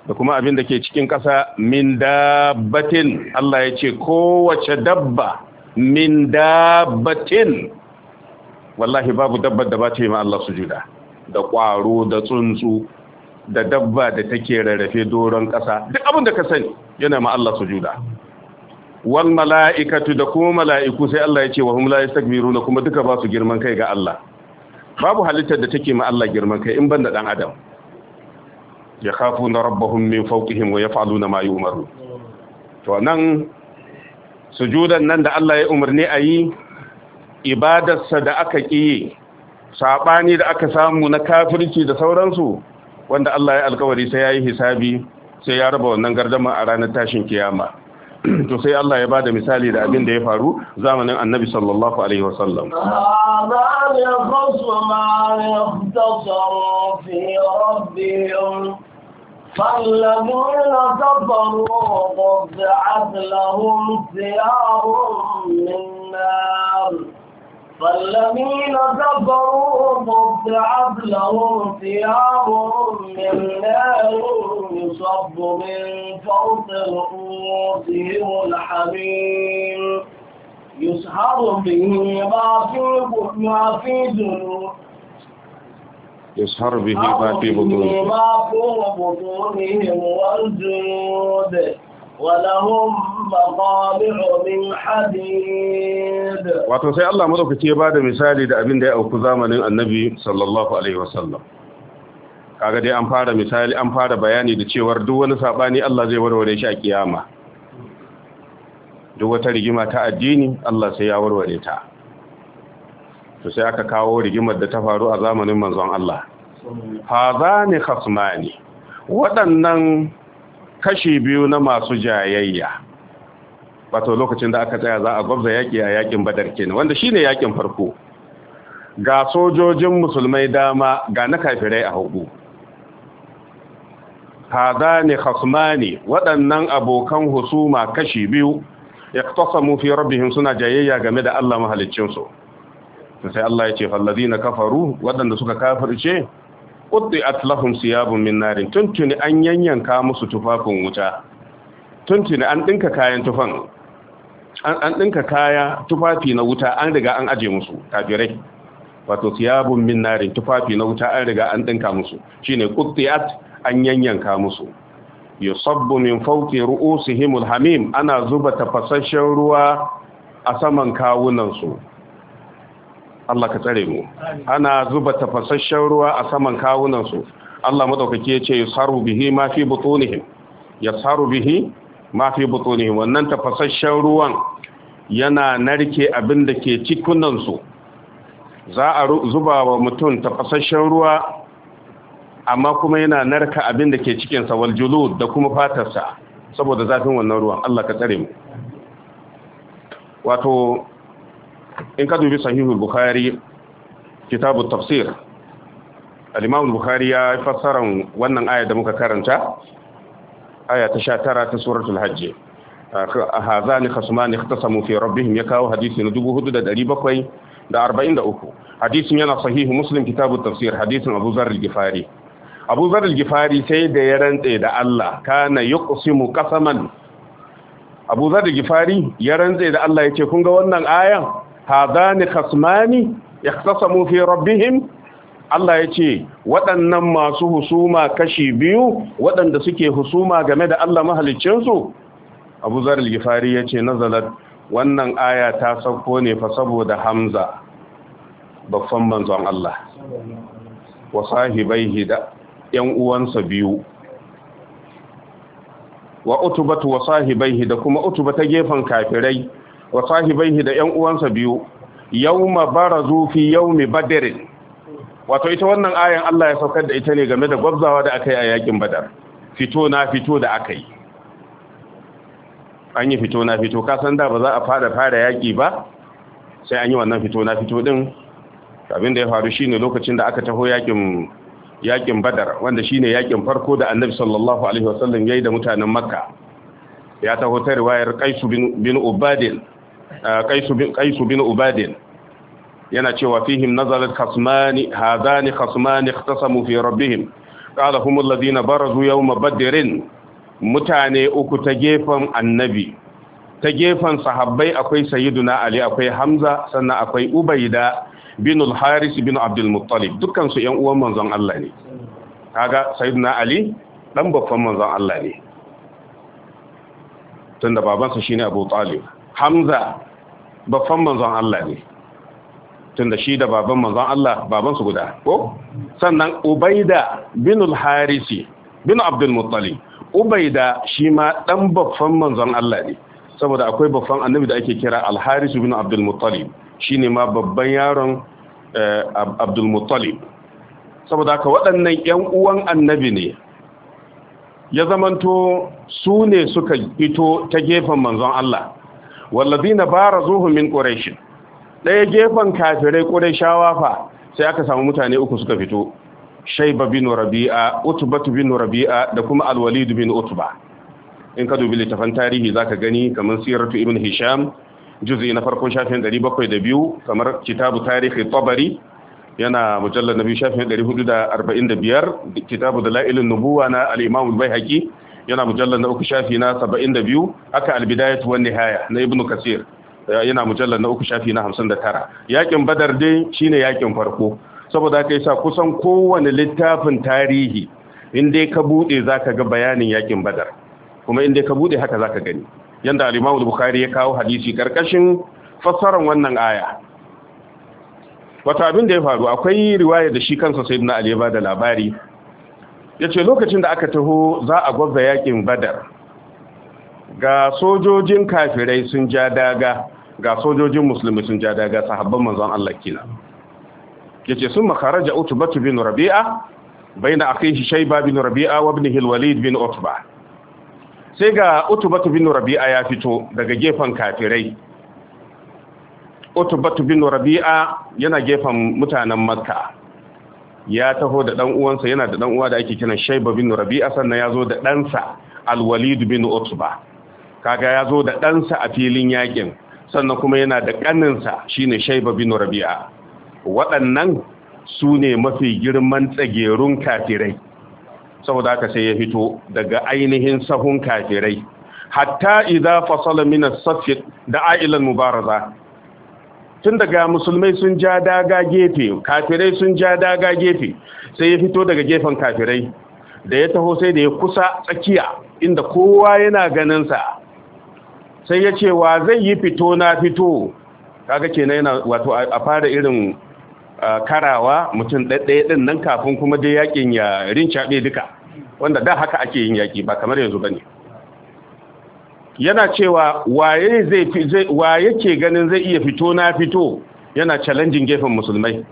da kuma abin da ke cikin ƙasa min dabbatin Allah ya ce kowace dabba min dabbatin wallahi babu dabbar da ba ta yi ma Allah sujuda da ƙwaro da tsuntsu da dabba da take rarrafe doron ƙasa duk abin da ka sani yana ma Allah sujuda wal mala'ikatu da kuma mala'iku sai Allah ya ce wa hum la yastakbiruna kuma duka ba su girman kai ga Allah babu halittar da take ma Allah girman kai in banda da dan adam ya na rabbahum min fawqihim wa yaf'aluna ma yu'maru to nan sujudan nan da Allah ya umarni ayi yi ibadarsa da aka yi. saɓani da aka samu na kafirci da sauransu wanda Allah ya alkawari sai ya yi hisabi sai ya raba wannan gardama a ranar tashin kiyama to sai Allah ya bada misali da abin da ya faru zamanin annabi sallallahu alaihi wasallam فالذين كفروا قطعت لهم ثياب من فالذين كفروا قطعت لهم ثياب من نار يصب من فوق رؤوسهم الحميم يسحر به ما في ما في يسهر يسحر به ما في بطونهم والجنود ولهم مقامع من حديد wato sai Allah madaukake ba da misali da abin da ya auku zamanin Annabi sallallahu alaihi kaga dai an fara misali an fara bayani da cewar duk wani sabani Allah zai warware shi a kiyama duk wata rigima ta addini Allah sai ya warware ta to sai aka kawo rigimar da ta faru a zamanin manzon Allah hazani khasmani waɗannan kashi biyu na masu jayayya wato lokacin da aka tsaya za a gwabza yaƙi a yaƙin badar kenan wanda shine yaƙin farko ga sojojin musulmai dama ga na kafirai a hagu hada ne khasmani waɗannan abokan husuma kashi biyu iqtasamu fi rabihin suna jayayya game da Allah mahaliccinsu sai Allah ya ce na kafaru waɗanda suka kafirce qutti'at lahum siyabun min narin tuntuni an yanyanka musu tufafin wuta tuntuni an dinka kayan tufan an dinka kaya tufafi na wuta an riga an aje musu kafirai wato siyabun min narin tufafi na wuta an riga an dinka musu shine at an yanyanka musu yusabbu min fawqi ru'usihim alhamim ana zuba tafasasshen ruwa a saman kawunan su Allah ka tsare mu ana zuba tafasasshen ruwa a saman kawunan su Allah madaukake ya ce yusaru bihi ma fi butunihim yusaru bihi ma fi butunihim wannan tafasasshen ruwan yana narke abin da ke cikunan su za a zuba wa mutum tafasasshen ruwa amma kuma yana narka abin da ke cikinsa julud da kuma fatarsa saboda zafin wannan ruwan Allah ka tsare mu wato in ka dubi sahihul bukhari kitabu tafsir al-imam bukhari ya fassara wannan aya da muka karanta aya ta 19 ta suratul hajj hazani khasman ikhtasamu fi rabbihim ya kawo hadisi na 43 hadisin yana sahihu muslim kitabu tafsir hadisin abu zar al-gifari abu zar al-gifari sai da ya rantse da Allah kana yuqsimu qasaman abu zar al-gifari ya rantsa da Allah yace kun ga wannan ayan hadani khasmani ikhtasamu fi rabbihim Allah ya ce waɗannan masu husuma kashi biyu waɗanda suke husuma game da Allah mahaliccinsu Abu Zar al-Ghifari ya ce nazalat wannan aya ta sauko ne fa saboda Hamza babban manzon Allah wa sahibaihi da 'yan uwansa biyu wa utubatu wa sahibaihi da kuma utuba ta gefen kafirai wa sahibaihi da ƴan uwansa biyu yawma barazu fi yawmi badr wato ita wannan ayan Allah ya saukar da ita ne game da gwabzawa da aka yi a yakin badar fito na fito da aka yi an yi fito na fito ka san da ba za a fara fara yaki ba sai an yi wannan fito na fito din abin da ya faru shine lokacin da aka taho yakin yakin badar wanda shine yakin farko da annabi sallallahu alaihi wasallam yayi da mutanen makka ya taho ta riwayar qais bin bin ubadil Kaisu bin ubadin yana cewa fihim nazalat khasmani hadani khasmani ikhtasamu fi rabbihim qala humul ladina barazu yawma badrin mutane uku ta gefen annabi ta gefen sahabbai akwai sayyiduna ali akwai hamza sannan akwai ubaida bin al-haris bin abdul muttalib dukkan su yan uwan manzon Allah ne kaga sayyiduna ali dan babban manzon Allah ne tunda babansa shine abu talib hamza babban manzon Allah ne tunda shi da baban manzon Allah baban su guda ko sannan ubaida bin al-harisi bin abdul muttali ubaida shi ma dan babban manzon Allah ne saboda akwai babban annabi da ake kira al-harisu bin abdul muttali shine ma babban yaron eh, abdul muttali saboda ka waɗannan 'yan uwan annabi ne ya zamanto su ne suka fito ta gefen manzon Allah walladina barazuhum min quraish daya gefen kafirai quraishawa fa sai aka samu mutane uku suka fito shayba bin rabi'a utba bin rabi'a da kuma al bin utba in ka dubi littafan tarihi zaka gani kamar siratu ibn hisham juz'i na farkon shafin 702 kamar kitabu tarihi tabari yana mujallar na biyu shafin 445 kitabu dalailun nubuwa na al-imam al yana mujallar na uku shafi na saba'in da biyu aka albidayatu wani haya na ibnu kasir eh, yana mujallar na uku shafi na hamsin da tara yakin badar dai shine yakin farko saboda yi sa kusan kowane littafin tarihi in dai ka buɗe za ka ga bayanin yakin badar kuma in ka buɗe haka za ka gani yanda al bukari bukhari ya kawo hadisi karkashin fassarar wannan aya wata abin da ya faru akwai riwaya da shi kansa sayyidina Ali ya da labari ya ce lokacin da aka taho za a gwabza yakin badar ga sojojin kafirai sun ja daga ga sojojin musulmi sun ja daga sahabban manzon Allah kina yace sun makaraja utba bin rabi'a bai na baina shi shaiba bin rabi'a wa bin hilwalid bin utba sai ga utba bin rabi'a ya fito daga gefen kafirai utba bin rabi'a yana gefen mutanen makka ya taho da dan uwansa yana da dan uwa da ake kiran Shayba bin Rabi'a sannan yazo zo da ɗansa Al-Walid bin Utba kaga yazo zo da ɗansa a filin yakin sannan kuma yana da ƙaninsa shine Shayba bin Rabi'a waɗannan su ne mafi girman tsagerun kafirai saboda haka sai ya fito daga ainihin sahun kafirai hatta idza fasala min as safi da a'ilan mubaraza tun daga musulmai sun ja daga gefe kafirai sun ja daga gefe sai ya fito daga gefen kafirai da ya taho sai da ya kusa tsakiya inda kowa yana ganinsa sai ya ce wa zai yi fito na fito kaga kenan yana wato a fara irin karawa mutum ɗaɗɗaya ɗin nan kafin kuma dai yakin ya rincaɓe duka wanda da haka ake yin yaki ba kamar yanzu ba ne yana cewa waye zai waye ke ganin zai iya fito na fito yana challenging gefen musulmai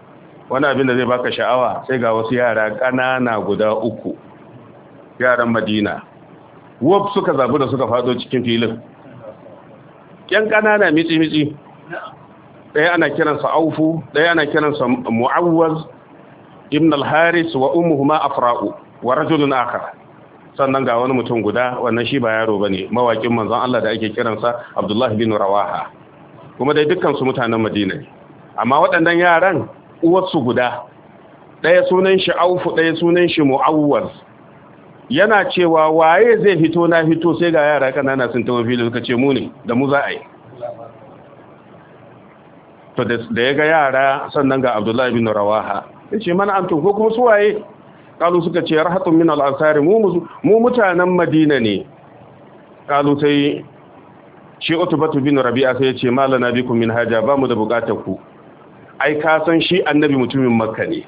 wani abin da zai baka sha'awa sai ga wasu yara kanana guda uku yaran madina wop suka zabu da suka fado cikin filin yan ƙanana mitsi-mitsi ɗaya ana kiransa aufu ɗaya ana kiransa mu'awwaz ibn al-haris wa ummuhuma afra'u wa rajulun akhar sannan ga wani mutum guda wannan shi ba yaro ba bane mawakin manzon Allah da ake kiransa Abdullah bin Rawaha kuma dai dukkan su mutanen Madina ne amma waɗannan yaran uwarsu guda ɗaya sunan shi Aufu ɗaya sunan shi Mu'awwaz yana cewa waye zai fito na fito sai ga yara kanana sun tawo filin suka ce mu ne da mu za a yi to da ya ga yara sannan ga Abdullah bin Rawaha yace mana to ko kuma su waye kalu suka ce rahatun min al'asari mu mutanen madina ne kalu sai shi utubatu bin rabi'a sai ya ce malana biku min haja ba mu da bukatar ku ai ka san shi annabi mutumin makka ne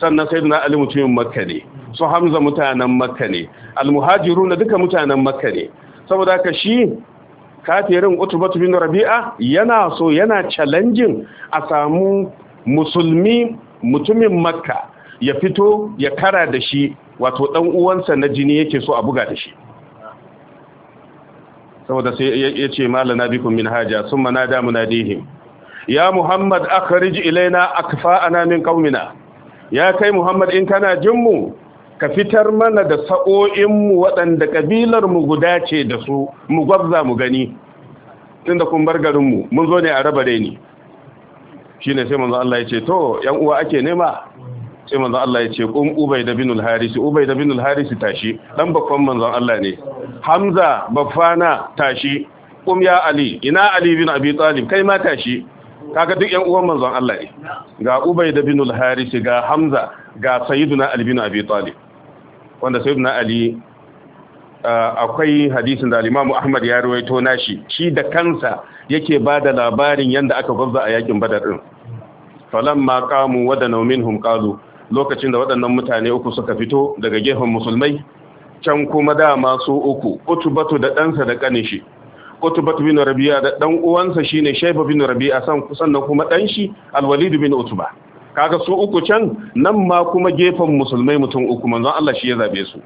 sannan sai sayyidina ali mutumin makka ne su hamza mutanen makka ne na duka mutanen makka ne saboda ka shi kafirin utubatu bin rabi'a yana so yana challenging a samu musulmi mutumin makka ya fito ya kara da shi wato dan uwansa na jini yake so a buga da shi saboda sai ya ce malana bikum min haja summa nada munadihim ya muhammad akhrij ilaina akfa'ana min qaumina ya kai muhammad in kana jin mu ka fitar mana da sa'o'in mu waɗanda kabilar mu guda ce da su mu gwabza mu gani tunda kun bar garin mu mun zo ne a raba dai ni shine sai manzo Allah ya ce to yan uwa ake nema sai manzon Allah ya ce kun ubay da binul harisi ubay da binul harisi tashi dan bakwan manzan Allah ne hamza bafana tashi kum ya ali ina ali bin abi talib kai ma tashi kaga duk yan uwan manzon Allah ne ga ubay da binul harisi ga hamza ga sayyiduna ali bin abi talib wanda sayyiduna ali akwai hadisin da alimamu ahmad ya ruwaito nashi shi da kansa yake bada labarin yadda aka gwabza a yakin badar din falamma qamu wa minhum qalu lokacin da waɗannan mutane uku suka fito daga gefen musulmai can kuma dama su uku utubatu da ɗansa da ƙanishi? shi utubatu bin rabi'a da ɗan uwansa shine shaiba bin rabi'a sannan kuma ɗan shi alwalidu bin utuba kaga su uku can nan ma kuma gefen musulmai mutum uku manzon Allah shi ya zabe su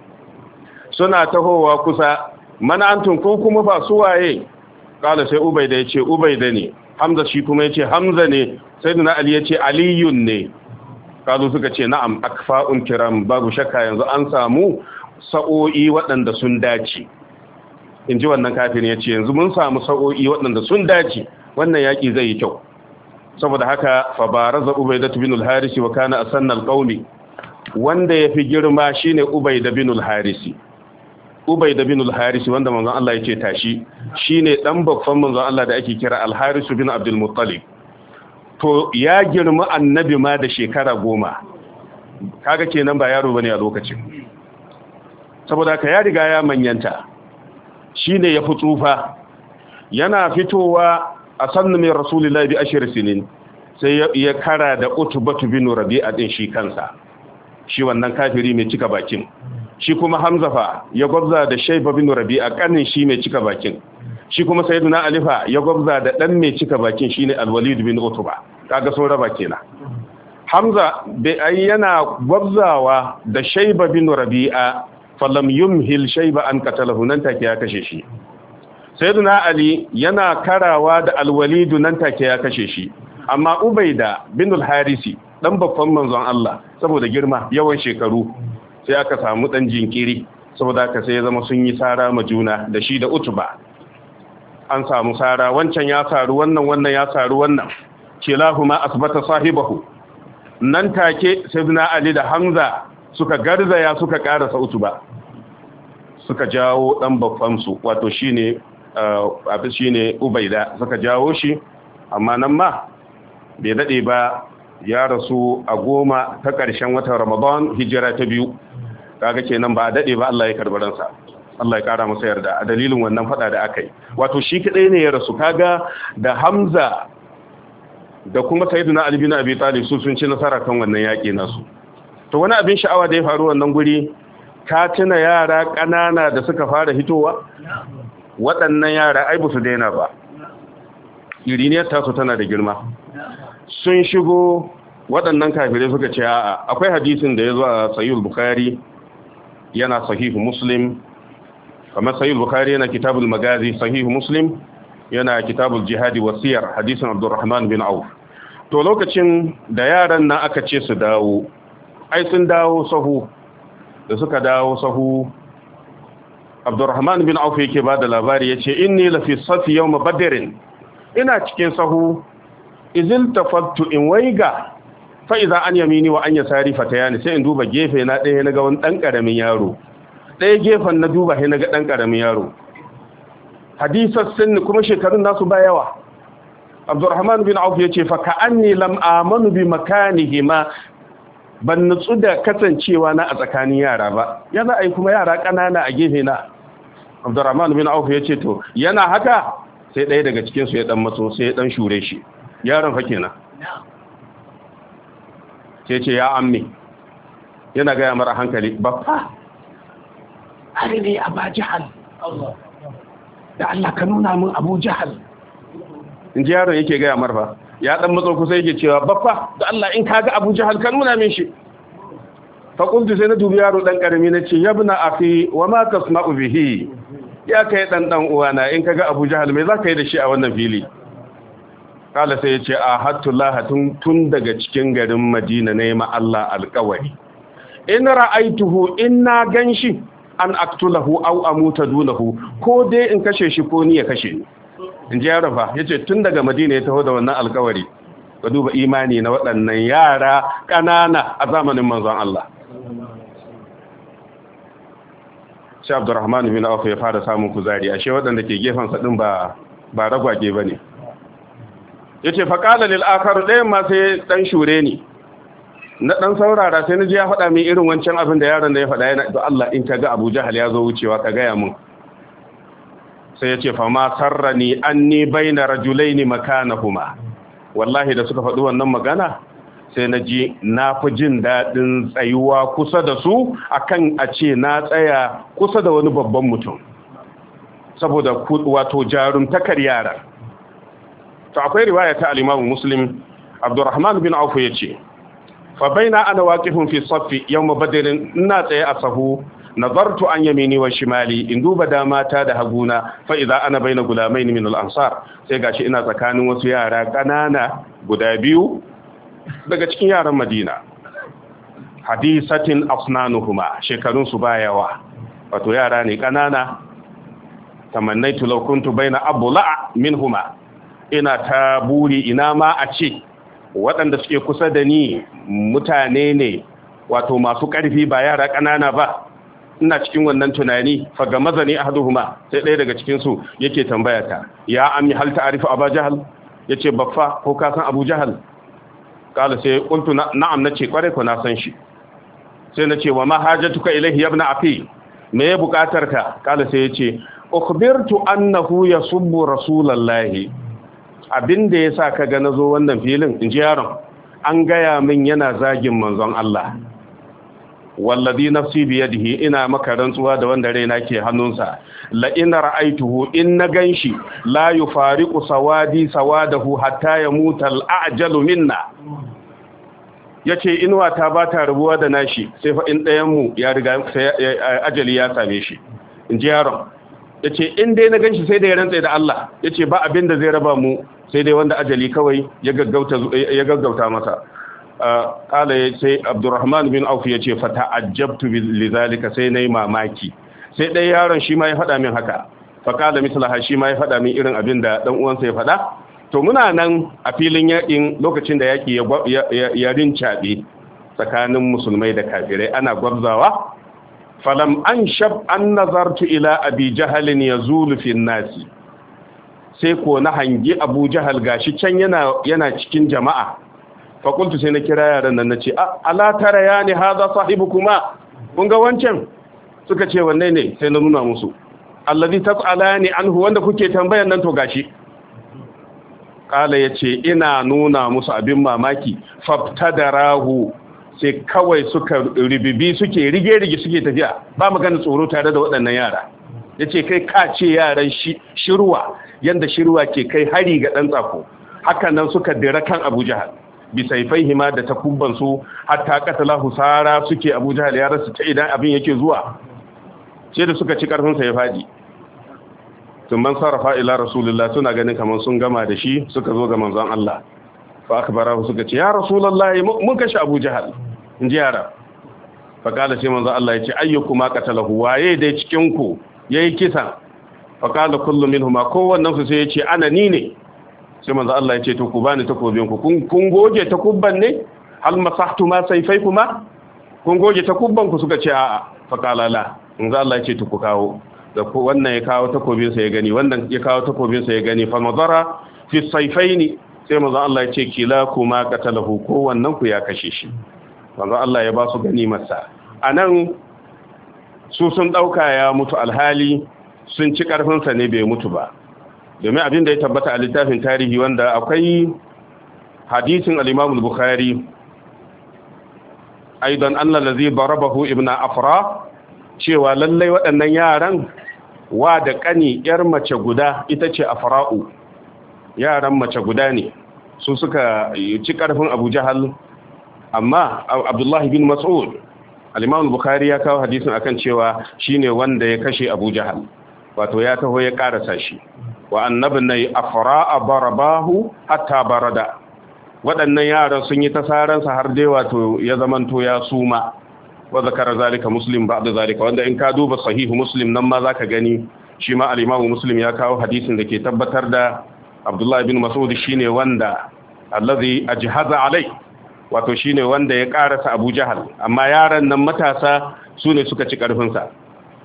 suna tahowa kusa mana antum ko kuma ba su waye kala sai ubaida ya ce ubaida ne hamza shi kuma ya ce hamza ne sayyidina ali ce aliyun ne kazo suka ce na'am akfa'un kiram babu shakka yanzu an samu sa'o'i waɗanda sun dace in ji wannan kafin ya ce yanzu mun samu sa'o'i waɗanda sun dace wannan yaƙi zai yi kyau saboda haka fabaraza ubaidatu bin al-harisi wa kana asannal qawli wanda yafi girma shine ubaida bin al-harisi ubaida bin al-harisi wanda manzon Allah yake tashi shine ɗan babban manzon Allah da ake kira Alharisu bin abdul to ya girma annabi ma da shekara goma kaga kenan ba yaro bane a lokacin saboda ka ya riga ya manyanta ne ya fi tsufa yana fitowa a sannu mai rasulullahi bi ashir sinin sai ya kara da utubatu bin rabi'a din shi kansa shi wannan kafiri mai cika bakin shi kuma hamzafa ya gwabza da shaiba bin a kanin shi mai cika bakin shi kuma sayyiduna alifa ya gwabza da dan mai cika bakin shine alwalidu bin utba kaga sun raba kenan hamza bai yana gwabzawa da shaiba bin rabi'a falam yumhil shaiba an qatalahu nan take ya kashe shi sayyiduna ali yana karawa da alwalidu nan take ya kashe shi amma ubaida bin alharisi harisi dan babban manzon Allah saboda girma yawan shekaru sai aka samu dan jinkiri saboda ka sai ya zama sun yi tsara ma juna da shi da utuba an samu sara wancan ya saru wannan wannan ya saru wannan kilahuma asbata sahibahu nan take sayyidina ali da hamza suka garzaya suka karasa utuba suka jawo dan babban su wato shine uh, abin shine ubaida suka jawo shi amma nan ma bai dade ba ya rasu a goma ta ƙarshen watan ramadan hijira ta biyu kaga kenan ba dade ba Allah ya karbaransa Allah ya kara masa yarda a dalilin wannan fada da aka yi wato shi kadai ne ya rasu kaga da Hamza da kuma Sayyidina Ali bin Abi Talib su sun ci nasara kan wannan yaki nasu to wani abin sha'awa da ya faru wannan guri ka tuna yara kanana da suka fara hitowa waɗannan yara ai ba su daina ba iriniyar tasu tana da girma sun shigo waɗannan kafirai suka ce a'a akwai hadisin da ya zo a sahih bukhari yana sahihu muslim kamar sahih bukhari yana kitabul magazi sahih muslim yana kitabul jihadi wasiyar hadisin abdurrahman bin auf to lokacin da yaran nan aka ce su dawo ai sun dawo sahu da suka dawo sahu abdurrahman bin auf yake bada labari ya ce inni lafi safi yau mabadirin ina cikin sahu izil tafattu in waiga fa'iza an yamini wa an yasari fatayani sai in duba gefe na ɗaya na ga wani ɗan ƙaramin yaro ɗaya gefen na duba sai na ga ɗan ƙaramin yaro hadisar sinni kuma shekarun nasu ba yawa abdurrahman bin auf ya ce fa ni lam amanu bi makani hima ban nutsu da kasancewa na a tsakanin yara ba yana yi kuma yara ƙanana a gefe na abdurrahman bin auf ya ce to yana haka sai ɗaya daga cikin ya dan maso sai ya dan shure shi yaron fa kenan sai ce ya amme yana gaya mara hankali ba a ba jihar. da Allah ka nuna min abu jahal in ji yaron yake gaya marfa ya dan matso kusa yake cewa baffa da Allah in kaga abu jahal ka nuna min shi fa kuntu sai na dubi yaro dan karami na ce yabna afi wa ma tasma'u bihi ya kai dan dan uwana in kaga abu jahal me za ka yi da shi a wannan fili kala sai ya ce a laha tun daga cikin garin madina ne ma Allah alƙawari in ra'aituhu in na ganshi an aktulahu au amuta dunahu ko dai in kashe shi ko ni ya kashe ni in ji yarafa ya ce tun daga madina ya taho da wannan alkawari ka duba imani na waɗannan yara ƙanana a zamanin manzon Allah shi abdurrahman bin auf ya fara samun kuzari ashe waɗanda ke gefen sa ba ba ragwage bane yace fa lil akhar dayan ma sai dan shure ni na ɗan saurara sai na ji ya faɗa min irin wancan abin da yaron da ya faɗa yana Allah in ka ga Abu Jahal ya zo wucewa ka gaya mun sai ya ce fa ma sarrani anni baina rajulaini makanahuma wallahi da suka faɗi wannan magana sai na ji na fi jin daɗin tsayuwa kusa da su akan a ce na tsaya kusa da wani babban mutum saboda wato jarumtakar yara to akwai riwaya ta Muslim Abdurrahman bin Auf ya ce fa baina ana waqifun fi saffi yawm badr ina tsaye a sahu nazartu an yamini wa shimali in duba dama ta da haguna fa idza ana baina gulamain min al ansar sai gashi ina tsakanin wasu yara kanana guda biyu daga cikin yaran Madina hadisatin asnanuhuma shekarun su bayawa wato yara ne kanana tamannaitu law kuntu baina abula'a minhuma ina ta buri ina ma a ce waɗanda suke kusa da ni mutane ne wato masu ƙarfi ba yara ƙanana ba ina cikin wannan tunani faga mazani haduhuma sai ɗaya daga cikinsu yake tambaya ta ya ami hal ta'rifu aba jahal ce baffa ko ka san abu jahal kala sai qultu na'am ce kware ko na san shi sai ce wa ma hajatuka ilayhi ya ibn afi me ya bukatar ka kala sai yace ukhbirtu annahu yasubbu rasulallahi abin da ya sa ka ga na zo wannan filin in ji yaron an gaya min yana zagin manzon Allah wallazi nafsi biyadihi ina maka rantsuwa da wanda raina ke hannunsa la in ra'aituhu in na ganshi la yufariqu sawadi sawadahu hatta yamuta al-ajalu minna yace inuwa ta ba ta rubuwa da nashi sai fa in dayan mu ya riga ajali ya same shi in ji yaron yace in dai na ganshi sai da ya rantsa da Allah yace ba abin da zai raba mu sai dai wanda ajali kawai ya gaggauta masa kala ya ce abdurrahman bin auf ya ce fata ajabtu zalika sai na mamaki sai ɗaya yaron shi ma ya faɗa min haka Fa faƙala mislaha shi ma ya faɗa min irin abin da ɗan uwansa ya faɗa to muna nan a filin yaƙin lokacin da yaƙi ya rincaɓe tsakanin musulmai da kafirai ana gwabzawa falam an shab an nazartu ila abi jahalin ya zulu nasi sai ko na hangi abu jahal gashi can yana cikin jama'a fakultu sai na kira yaran nan na ce ala tara ya ne haza sahibu kuma kun ga wancan suka ce wanne ne sai na nuna musu allazi tas'ala ne anhu wanda kuke tambayan nan to gashi kala yace ina nuna musu abin mamaki Fabtadarahu sai kawai suka ribibi suke rige-rige suke tafiya ba magana tsoro tare da waɗannan yara ya ce kai ka ce yaran shirwa yadda shirwa ke kai hari ga ɗan tsako hakan nan suka dira kan abu jihar bisai fahima da takubbansu hatta katala husara suke abu jihar ya ta idan abin yake zuwa sai da suka ci ƙarfinsa ya faɗi tun man sarrafa ila rasulullah suna ganin kamar sun gama da shi suka zo ga manzon Allah fa akbarahu suka ce ya rasulullahi mun kashe abu jihar in ji yara fa kala sai Allah ya ce ayyukuma qatalahu waye dai cikin ku ya yi kisa faƙala kullum min huma kowannensu sai ya ce ana ni ne sai manzo Allah ya ce to ku bani ku, kun goge takubban ne hal masahtu ma saifai kuma kun goge takubban ku suka ce a'a faƙala la manzo Allah ya ce to ku kawo da wannan ya kawo takobinsa ya gani wannan ya kawo takobinsa ya gani fa mazara, fi saifaini sai manzo Allah ya ce kila kuma qatalahu ko wannan ku ya kashe shi manzo Allah ya ba su ganimarsa anan su sun ɗauka ya mutu alhali sun ci ƙarfinsa ne bai mutu ba domin abin da ya tabbata a littafin tarihi wanda akwai hadisin al'imamul bukhari aidan allah lazi barabahu ibn afra cewa lallai waɗannan yaran wa da ƙani ƴar mace guda ita ce afra'u yaran mace guda ne su suka ci ƙarfin abu jahal amma abdullahi bin mas'ud al bukhari ya kawo hadisin akan cewa shine wanda ya kashe abu jahal wato ya taho ya karasa shi wa annabnai afra'a barabahu hatta barada waɗannan yaran sun yi tasaransa har dai wato ya zamanto ya suma wa zakara zalika muslim ba'da zalika wanda in ka duba sahihu muslim nan ma zaka gani shi ma al muslim ya kawo hadisin da ke tabbatar da abdullah bin mas'ud shine wanda allazi ajhaza alai wato shine wanda ya karasa Abu Jahal amma yaran nan matasa su ne suka ci karfinsa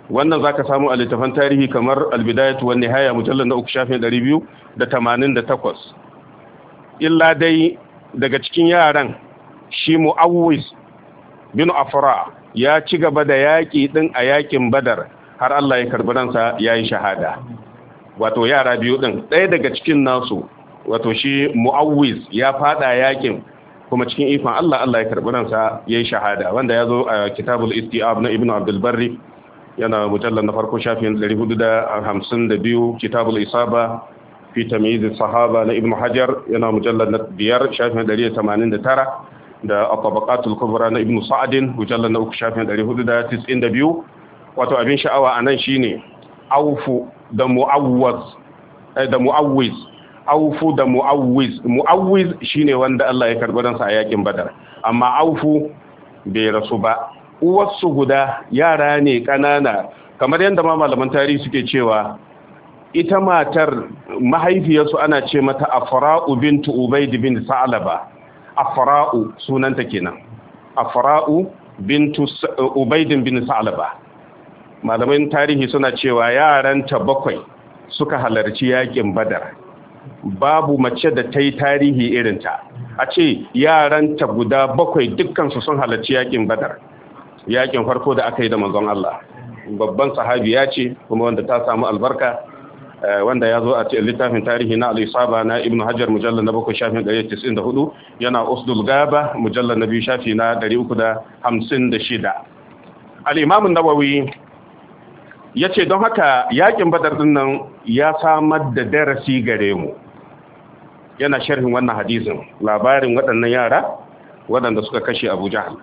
wannan zaka samu a littafan tarihi kamar al-bidayatu wan nihaya mujallal na uku shafin 288 illa dai daga cikin yaran shi Muawwis bin Afra ya ci gaba da yaƙi ɗin a yaƙin Badar har Allah ya karbi ransa yayi shahada wato yara biyu ɗin ɗaya daga cikin nasu wato shi Muawwis ya fada yaƙin kuma cikin ikon Allah Allah ya karɓi ransa ya yi shahada wanda ya zo a kitabul istiab na ibnu abdul barri yana mujallar na farko shafin 452 kitabul isaba fi tamyiz sahaba na ibn hajar yana mujallar na biyar shafin 189 da at-tabaqatul kubra na ibnu sa'adin mujallar na uku shafin 492 wato abin sha'awa anan shine awfu da mu'awwaz eh, da mu'awwiz aufu da mu'awwiz mu'awwiz shine wanda Allah ya karbi sa a yakin badar amma aufu bai rasu ba uwarsu guda yara ne kanana kamar yadda ma malaman tarihi suke cewa ita matar mahaifiyarsu ana ce mata afra'u bintu ubaid bin sa'laba afra'u sunanta kenan afra'u bintu ubaid bin sa'laba malaman tarihi suna cewa yaranta bakwai suka halarci yakin badar babu mace da ta yi tarihi irinta a ce yaranta guda bakwai dukkansu sun halarci yakin badar yakin farko da aka yi da manzon Allah babban sahabi ya ce kuma wanda ta samu albarka eh, wanda ya zo a littafin tarihi na al-isaba na ibnu hajar mujallar na bakwai shafin 194 yana usdul gaba mujallar na biyu shafi na 356 al-imam nawawi ya ce don haka yakin badar din nan ya samar da darasi gare mu yana sharhin wannan hadisin labarin waɗannan yara waɗanda suka kashe abu jahal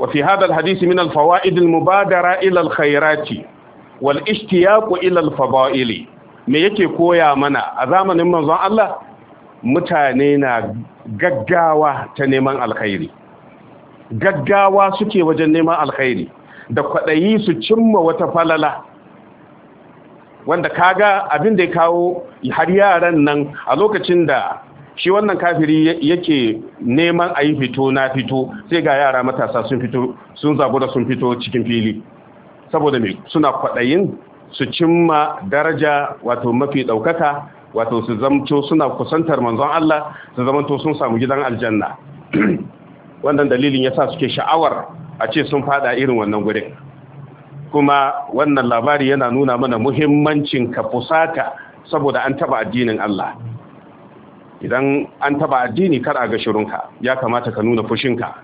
وفي هذا الحديث من الفوائد المبادرة إلى الخيرات ilal ila ili. me yake koya mana a zamanin manzon Allah mutane na gaggawa ta neman alkhairi gaggawa suke wajen neman alkhairi da kwaɗayi su cimma wata falala wanda kaga abin da ya kawo har yaran nan a lokacin da shi wannan kafiri yake neman a yi fito na fito sai ga yara matasa sun fito sun da sun fito cikin fili saboda mai suna kwaɗayin su cimma daraja wato mafi ɗaukaka wato su zamto suna kusantar manzon Allah su zamanto sun samu gidan aljanna wannan dalilin yasa suke sha'awar a ce sun fada irin wannan gudun. kuma wannan labari yana nuna mana muhimmancin ka fusata saboda an taba addinin Allah idan an taba addini kar a ga shirunka ya kamata ka nuna fushinka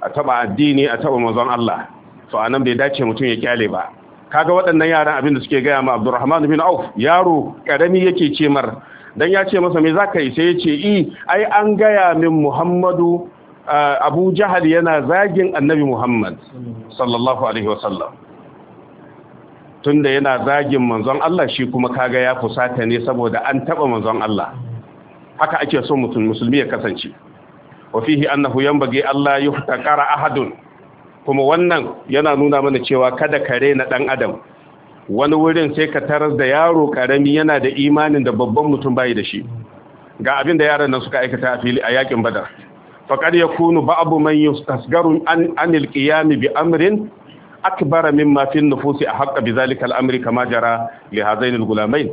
a taba addini a taba manzon Allah to anan bai dace mutum ya kyale ba kaga waɗannan yaran abin da suke gaya ma Abdurrahman bin Auf yaro karami yake cemar. dan ya ce masa me zaka yi sai ya ce i ai an gaya min Muhammadu abu Jihar yana zagin annabi muhammad sallallahu alaihi wasallam tunda yana zagin manzon Allah shi kuma kaga ya fusata ne saboda an taba manzon Allah haka ake so mutum musulmi ya kasance wa fihi annahu yanbaghi Allah yuhtaqara ahadun kuma wannan yana nuna mana cewa kada ka na dan adam wani wurin sai ka tarar da yaro karami yana da imanin da babban mutum bai da shi ga abin da yaran nan suka aikata a fili a yakin badar faƙar ya kunu ba abu man yi tasgarun anil ƙiyami bi amrin akbara min mafin nufusi a haƙa bi zalika al'amri kama jara li hazain gulamai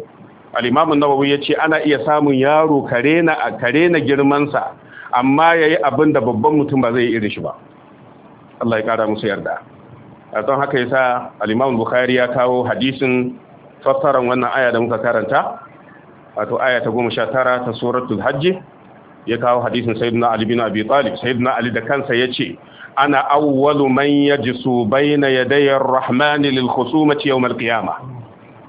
al'imamun nawawi ya ce ana iya samun yaro kare na a kare girmansa amma ya yi abin da babban mutum ba zai irin shi ba Allah ya ƙara musu yarda a don haka sa al'imamun bukhari ya kawo hadisin fassarar wannan aya da muka karanta wato aya ta goma sha tara ta suratul hajji ya kawo hadisin sayyidina ali bin abi talib sayyidina ali da kansa yace ana awwalu man yajsu baina yaday ar-rahman lil khusumati yawm al-qiyamah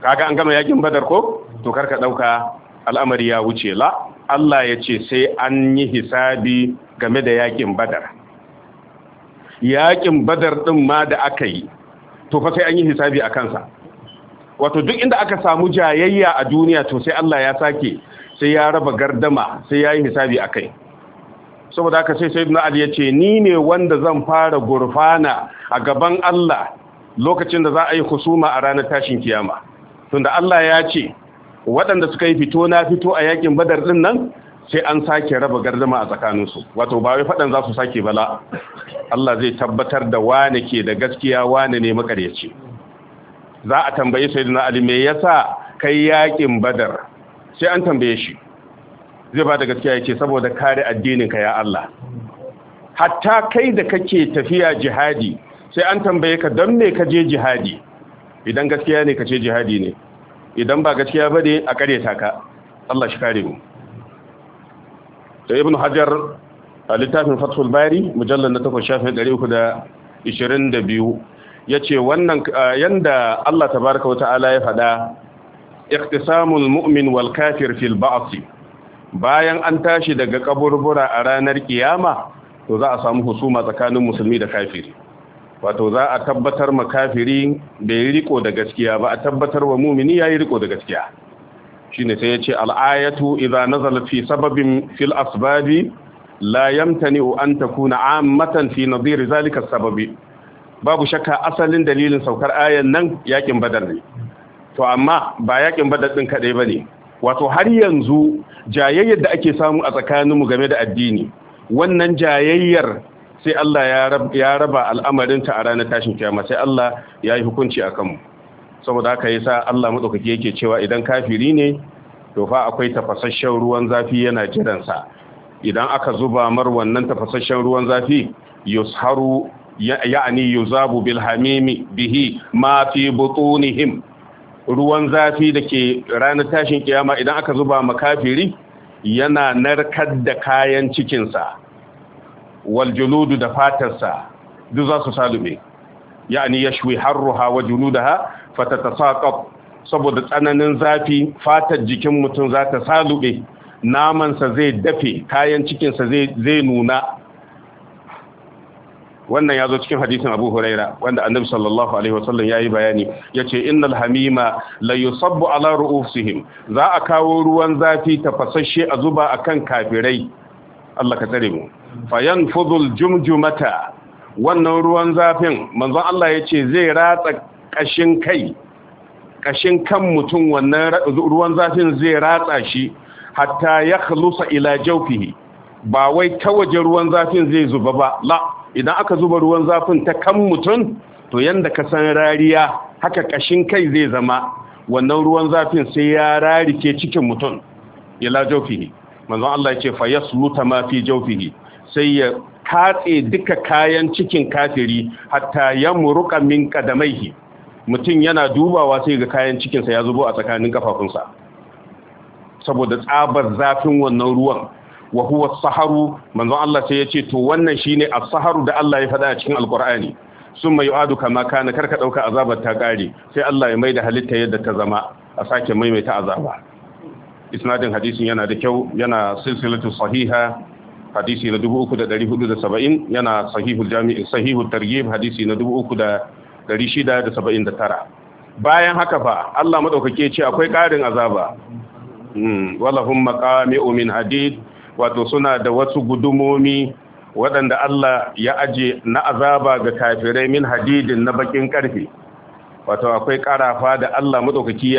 kaga an gama yakin badar ko to karka dauka al'amari ya wuce la Allah ya ce sai an yi hisabi game da yakin badar yakin badar din ma da aka yi to fa sai an yi hisabi a kansa wato duk inda aka samu jayayya a duniya to sai Allah ya sake sai ya raba gardama sai ya yi hisabi a kai saboda haka sai sai ali ya ce ni ne wanda zan fara gurfana a gaban Allah lokacin da za a yi husuma a ranar tashin kiyama tunda Allah ya ce waɗanda suka yi fito na fito a yakin badar din nan sai an sake raba gardama a tsakaninsu wato ba wai faɗan za su sake bala Allah zai tabbatar da wane ke da gaskiya wane ne makaryaci za a tambayi sayyidina ali me yasa kai yakin badar sai an tambaye shi zai ba da gaskiya ya saboda kare addininka ya Allah hatta kai da kake tafiya jihadi sai an tambaye ka don me ka je jihadi idan gaskiya ne ka ce jihadi ne idan ba gaskiya ba ne a karyata ka Allah shi kare mu da ibn hajar a littafin fathul bari mujallar na takwas shafin 322 ya wannan yanda Allah tabaraka wa ta'ala ya faɗa ikhtisamul mu'min wal kafir fil bayan an tashi daga kaburbura a ranar kiyama to za a samu husuma tsakanin musulmi da kafiri wato za a tabbatar ma kafiri bai riko da gaskiya ba a tabbatar wa mumini ya yi riko da gaskiya shine sai ya ce al'ayatu idza nazalat fi sababin fil asbabi la yamtani'u an takuna ammatan fi nadir zalika sababi babu shakka asalin dalilin saukar ayan nan yakin badar ne to amma ba yakin badar kaɗai kadai bane wato har yanzu jayayyar da ake samu a tsakaninmu game da addini wannan jayayyar sai Allah ya raba al'amarinta a ranar tashin kiyama sai Allah ya yi hukunci a kanmu saboda haka ya sa Allah maɗaukaki yake cewa idan kafiri ne to fa akwai tafasasshen ruwan zafi yana jiransa idan aka zuba mar wannan tafasasshen ruwan zafi yusharu ya'ani yuzabu bil hamimi bihi ma fi butunihim ruwan zafi da ke ranar tashin kiyama idan aka zuba makafiri yana narkar da kayan cikinsa waljuludu da fatarsa duk za su salume ya'ani yashwi harruha wa juludaha saƙaf saboda tsananin zafi fatar jikin mutum za ta salube namansa zai dafe kayan cikinsa zai nuna wannan ya zo cikin hadisin abu huraira wanda annabi sallallahu alaihi wasallam ya yi bayani ya ce innal hamima la yusabbu ala ru'usihim za a kawo ruwan zafi tafasasshe a zuba kan kafirai Allah ka tsare mu fayan fudul jumjumata wannan ruwan zafin manzon Allah ya ce zai ratsa kashin kai kashin kan mutum wannan ruwan zafin zai ratsa shi hatta ya khlusa ila jawfihi ba wai ta waje ruwan zafin zai zuba ba la idan aka zuba ruwan zafin ta kan mutum to yanda ka san rariya haka kashin kai zai zama wannan ruwan zafin sai ya rarike cikin mutum ya la jawfihi manzon Allah ce fa yasluta ma fi jawfihi sai ya katse duka kayan cikin kafiri hatta ya yamruqa min qadamaihi mutum yana dubawa sai ga kayan cikinsa ya zubo a tsakanin kafafunsa saboda tsabar zafin wannan ruwan wa huwa saharu manzon Allah sai ya ce to wannan shine as-saharu da Allah ya faɗa a cikin Al-Ƙur'ani. alqur'ani summa yu'adu kama kana karka dauka azabar ta kare sai Allah ya maida halitta yadda ta zama a sake maimaita azaba isnadin hadisin yana da kyau yana silsilatu sahiha hadisi na 3470 yana sahihul jami'i sahihul targhib hadisi na 3679 bayan haka fa Allah madaukake ce akwai karin azaba hmm, walahum maqami'u min hadid wato suna da wasu gudumomi waɗanda Allah ya aje na azaba ga kafirai min hadidin na bakin karfe wato akwai ƙarafa da Allah maɗaukaki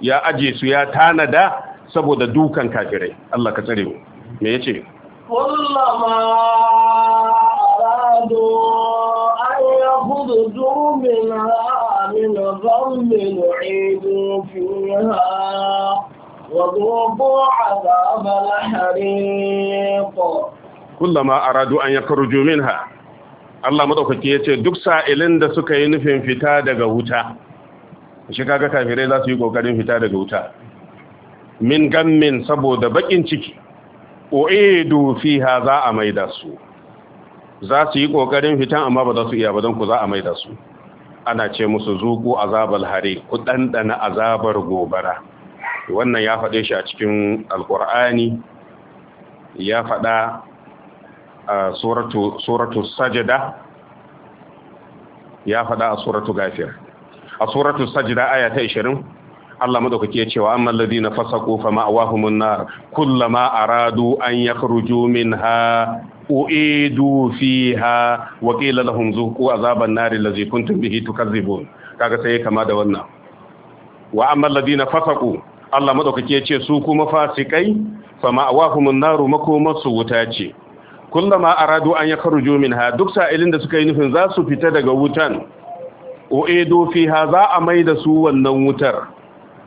ya aje su ya tanada saboda dukan kafirai Allah ka tsare mu me yace kullama aradu an min fiha وذوقوا aradu an كلما أرادوا أن يخرجوا منها Allah madaukake yace duk sa'ilin da suka yi nufin fita daga wuta shi kaga kafirai za su yi kokarin fita daga wuta min gammin saboda bakin ciki uidu fiha za a maida su za su yi kokarin fitan amma ba za su iya ba don ku za a maida su ana ce musu zuku azabal hare ku dandana azabar gobara wannan ya faɗe shi a cikin alkur'ani ya faɗa a suratu sajada ya faɗa a suratu gafir a suratu sajada aya ta 20 Allah madaukake ya cewa amman ladina fasaqu fa ma'awahumun nar kullama aradu an yakhruju minha u'idu fiha wa qila lahum zuqu azaban nar allazi kuntum bihi tukazzibun kaga sai kama da wannan wa amman ladina Allah madaukake ya ce su kuma fasikai fa ma'awahumun naru makomarsu wuta ce kullama aradu an yakhruju minha duk sa'ilin da suka yi nufin za su fita daga wutan u'idu fiha za a mai da su wannan wutar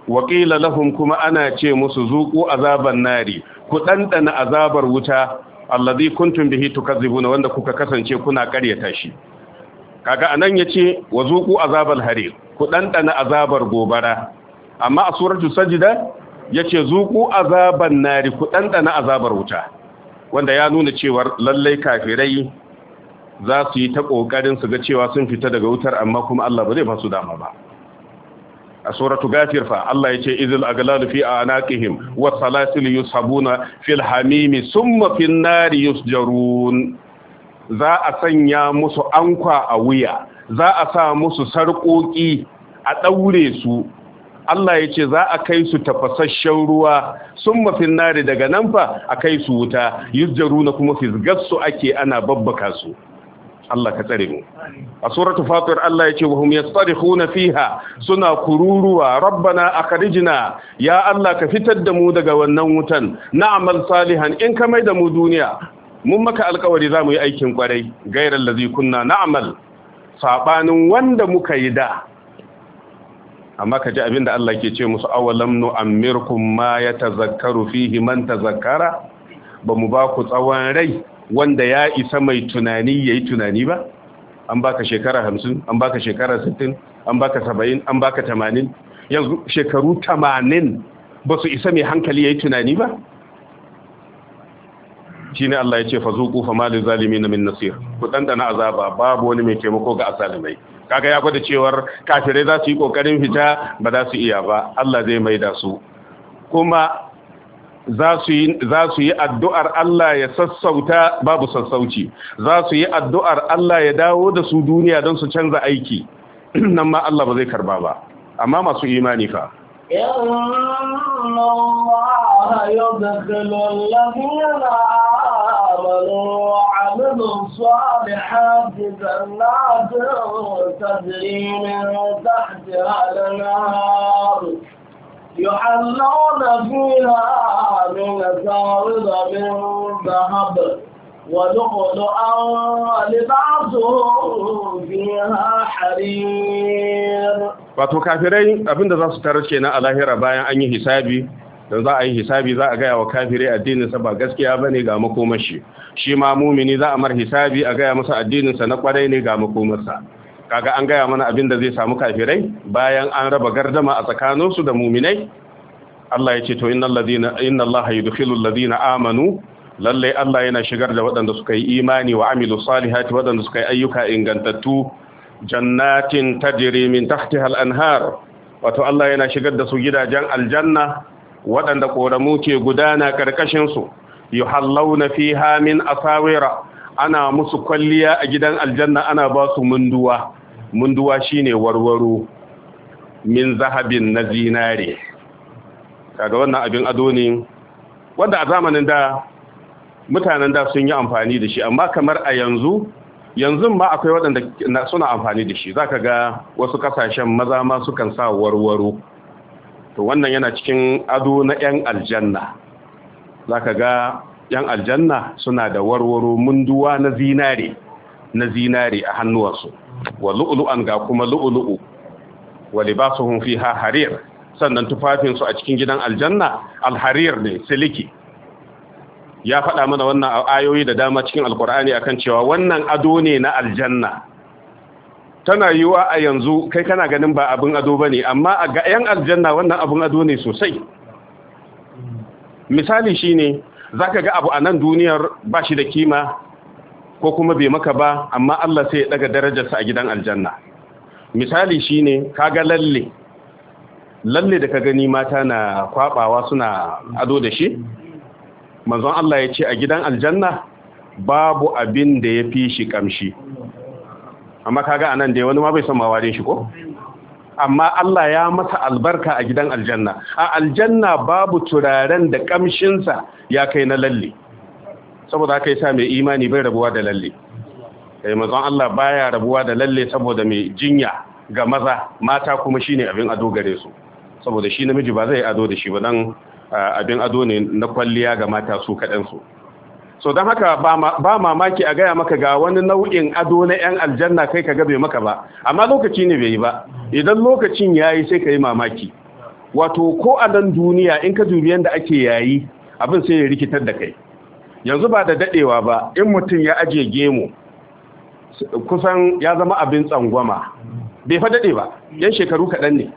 wa qila lahum kuma ana ce musu zuqu azaban nari ku dandana azabar wuta alladhi kuntum bihi tukazzibuna wanda kuka kasance kuna ƙaryata shi kaga anan yace wa zuqu azabal harir ku dandana azabar gobara amma a suratul sajda yace zuku azaban nari ku dandana azabar wuta wanda ya nuna cewa lallai kafirai za su yi ta kokarin su ga cewa sun fita daga wutar amma kuma Allah ba zai ba dama ba a suratu gafir fa Allah ya ce izil aglalu fi anaqihim wa salasil yushabuna fil hamimi sun fin nari yusjarun za a sanya musu ankwa a wuya za a sa musu sarƙoƙi a ɗaure su Allah ya ce za a kai su tafasasshen ruwa sun mafin nari daga nan fa a kai su wuta yuzjaru na kuma fisgassu ake ana babbaka su Allah ka tsare mu a suratu fatir Allah ya ce wa hum yastarikhuna fiha suna kururuwa rabbana akhrijna ya Allah ka fitar da mu daga wannan wutan na'mal salihan in ka mai da mu duniya mun maka alkawari za mu yi aikin kwarai gairar lazi kunna na'mal sabanin wanda muka yi da amma ka ji abin da Allah ke ce musu awalam nu amirkum ma ya tazakkaru fihi man tazakkara ba mu ba ku tsawon rai wanda ya isa mai tunani ya yi tunani ba an baka shekara hamsin, an baka shekara sittin, an baka saba'in, an baka tamanin, yanzu shekaru tamanin ba su isa mai hankali ya yi tunani ba ne Allah ya ce zuƙu fa malil na min nasir ku dandana azaba babu wani mai taimako ga asalimai kaga ya gwada cewar kafirai za su yi kokarin fita ba za su iya ba Allah zai maida su kuma za su yi addu'ar Allah ya sassauta babu sassauci za su yi addu'ar Allah ya dawo da su duniya don su canza aiki nan ma Allah ba zai karba ba amma masu imani fa آمنوا وعملوا الصالحات جنات تجري من تحتها الأنهار يحلون فيها من ساور من ذهب ولؤلؤا ولبعضهم فيها حرير wato kafirai abinda za su tarar kenan a lahira bayan an yi hisabi da za a yi hisabi za a gaya wa kafirai addininsa ba gaskiya ba ne ga makomashi shi ma mumini za a mar hisabi a gaya masa addininsa na kwarai ne ga makomarsa kaga an gaya mana abin da zai samu kafirai bayan an raba gardama a tsakaninsu da muminai Allah ya ce to inna alladhina inna Allah alladhina amanu lalle Allah yana shigar da waɗanda suka yi imani wa amilu salihati waɗanda suka yi ayyuka ingantattu jannatin tajri min tahtiha al-anhar wato Allah yana shigar da su gidajen aljanna waɗanda ƙoramu ke gudana ƙarƙashinsu yi hallauna fi hamin asawira ana musu kwalliya a gidan aljanna ana ba su munduwa munduwa shine warwaro min zahabin na zinare kaga wannan abin ado ne wanda a zamanin da mutanen da sun yi amfani da shi amma kamar a yanzu yanzu ma akwai waɗanda suna amfani da shi Za ka ga wasu ƙasashen maza ma sukan sa warwaro to wannan yana cikin ado na 'yan aljanna za ka ga 'yan aljanna suna da warwaro munduwa na zinare na zinare a hannuwarsu wa lu'ulu'an ga kuma lu'ulu'u wa fi ha harir sannan tufafinsu a cikin gidan aljanna alharir ne siliki ya faɗa mana wannan ayoyi da dama cikin alkur'ani akan cewa wannan ado ne na aljanna tana yiwa a yanzu kai kana ganin ba abin ado ba ne amma a ga 'yan aljanna wannan abin ado ne sosai misali shi ne, za ka ga abu a nan duniyar ba shi da kima ko kuma bai maka ba amma Allah sai ya daga darajarsa a gidan aljanna misali shine ka ga lalle lalle da ka gani mata na kwabawa suna ado da shi manzon Allah ya ce a gidan aljanna babu abin da ya fi shi kamshi amma ga anan dai wani ma bai son mawarin shi ko amma Allah ya masa albarka a gidan aljanna a aljanna babu turaren da kamshinsa ya kai na lalle saboda haka yasa mai imani bai rabuwa da lalle sai eh, manzon Allah baya rabuwa da lalle saboda mai jinya ga maza mata kuma shine abin ado gare su saboda shi namiji ba zai ado da shi ba dan ah, abin ado ne na kwalliya ga mata su kaɗan su so don haka ba mamaki a gaya maka ga wani nau'in ado na 'yan aljanna kai ka gabe maka ba amma lokaci ne bai yi ba idan lokacin ya yi sai ka yi mamaki wato ko a nan duniya in ka dubiyan yadda ake yayi abin sai ya rikitar da kai yanzu ba da dadewa ba in mutum ya ajiye gemu kusan ya zama abin tsangwama bai fa dade ba yan shekaru kaɗan ne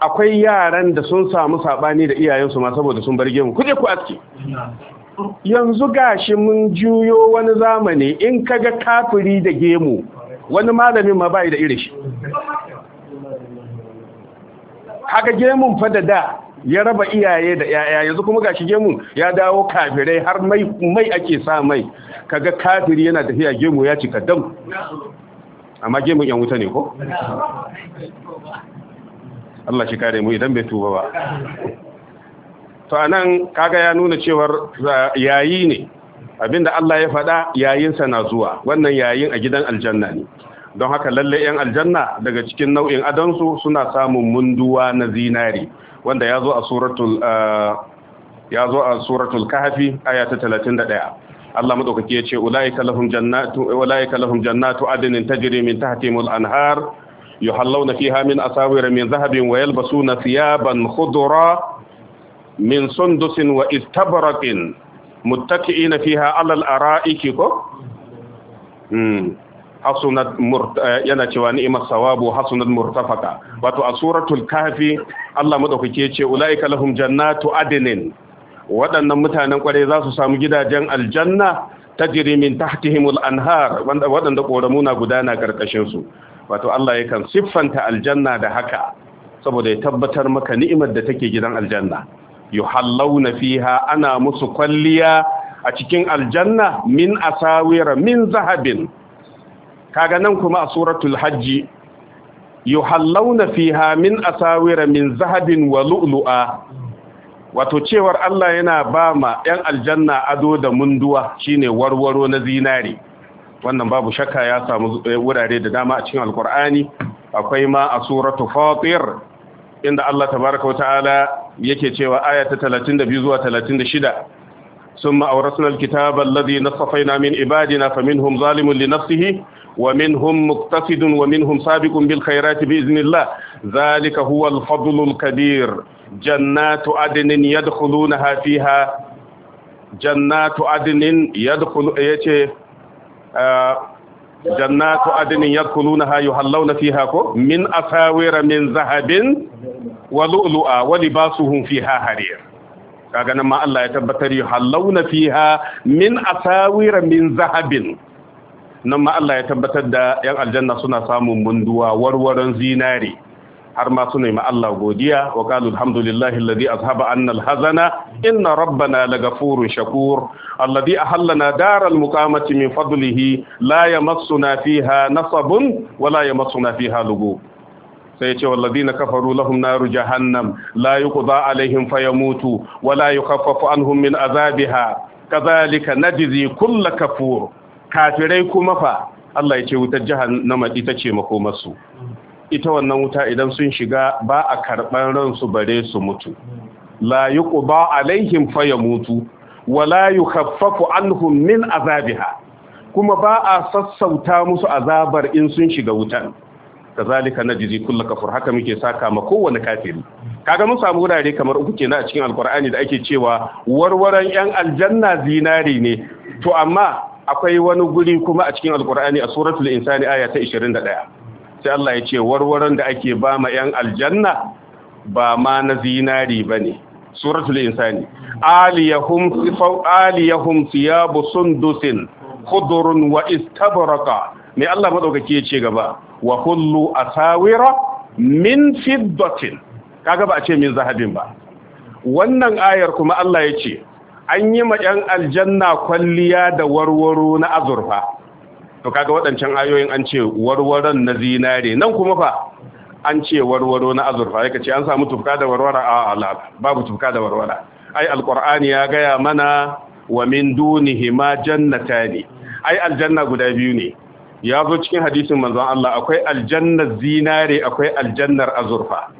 akwai yaran da sun samu saɓani da iyayensu ma saboda sun bar gemu kuje ku aske. yanzu gashi mun juyo wani zamani in kaga kafiri da gemu wani malamin ma bai da irin shi haka gemun fa da da ya raba iyaye da yaya yanzu kuma gashi gemun ya dawo kafirai har mai mai ake sa mai kaga kafiri yana tafiya gemu ya cika dam amma gemun yan wuta ne ko Allah shi kare mu idan bai tuba ba to nan kaga ya nuna cewar yayi ne abinda Allah ya faɗa yayinsa na zuwa wannan yayin a gidan aljanna ne don haka lalle yan aljanna daga cikin nau'in adansu suna samun munduwa na zinari wanda ya zo a suratul ya zo a suratul kahfi aya ta 31 Allah madaukaki ya ce ulaika lahum jannatu ulaika lahum jannatu adnin tajri min tahtihimul anhar yuhallawna fiha min asawir min dhahabin wa yalbasuna thiyaban khudra min sundusin wa istabaratin muttaki'ina fiha alal ara'iki ko hmm. hasunat eh, yana cewa ni'imar sawabu hasunat murtafaka wato a suratul kafi Allah madaukake ce ulaika lahum jannatu adnin waɗannan mutanen kwarai za su samu gidajen aljanna tajri min tahtihimul anhar waɗanda ƙoramu na gudana karkashin su wato Allah yakan siffanta aljanna da haka saboda ya tabbatar maka ni'imar da take gidan aljanna yuhallawna fiha ana musu kwalliya a cikin aljanna min asawira min zahabin kaga nan kuma a suratul hajji yuhallawna fiha min asawira min zahabin wa lu'lu'a wato cewar Allah yana ba ma 'yan aljanna ado da munduwa shine warwaro na zinari wannan babu shakka ya samu eh, wurare da dama a cikin alkur'ani akwai ma a suratu fatir inda Allah tabaraka wa ta'ala yake cewa aya ta 32 zuwa 36 summa awrasna alkitaba alladhi nasafaina min ibadina faminhum zalimun li nafsihi wa minhum muqtasidun wa minhum sabiqun bil khairati bi idhnillah zalika huwa al-fadlul kabir jannatu adnin yadkhulunaha fiha jannatu adnin yadkhulu yace uh, jannatu adnin yadkhulunaha yuhallawna fiha ko min asawira min zahabin wa lu'lu'a wa libasuhum fiha harir kaga nan ma Allah ya tabbatar yuhallawna fiha min asawira min zahabin nan ma Allah ya tabbatar da yan aljanna suna samun munduwa warwaron zinari har ma suna ma Allah godiya wa qalu alhamdulillahi alladhi azhaba anna alhazana inna rabbana lagafurun shakur alladhi ahallana daral muqamati min fadlihi la yamassuna fiha nasabun wa la yamassuna fiha lugu. sai ce walladina kafaru lahum naru jahannam la yuqda alaihim fayamutu wa la yukhaffafu anhum min azabiha kazalika najzi kull kafur kafirai kuma fa Allah ya ce wutar jahannama ita ce makomarsu ita wannan wuta idan sun shiga ba a karɓar ransu bare su mutu la yuqba alaihim fayamutu wa la yukhaffafu alhun min azabiha kuma ba a sassauta musu azabar in sun shiga wutan kazalika na kulla kafur haka muke saka ma kowane kafiri kaga mun samu wurare kamar uku kenan a cikin alkur'ani da ake cewa warwaran yan aljanna zinari ne to amma akwai wani guri kuma a cikin alkur'ani a suratul insani aya ta 21 sai Allah ya ce warwaron da ake ba ma 'yan aljanna ba ma na zinari ba ne suratul insani aliyahum siyabu sundusin khudurun wa istabraka mai Allah madaukake ya ce gaba wa kullu asawira min fiddatin kaga ba a ce min zahabin ba wannan ayar kuma Allah ya ce an yi ma 'yan aljanna kwalliya da warwaro na azurfa to kaga waɗancan ayoyin an ce warwaron na zinare nan kuma fa an ce warwaro na azurfa ya ce an samu tufka da warwara a Allah babu tufka da warwara ai alqur'ani ya gaya mana wa min dunihi ma jannatani ai aljanna guda biyu ne ya zo cikin hadisin manzon Allah akwai aljannar zinare akwai aljannar azurfa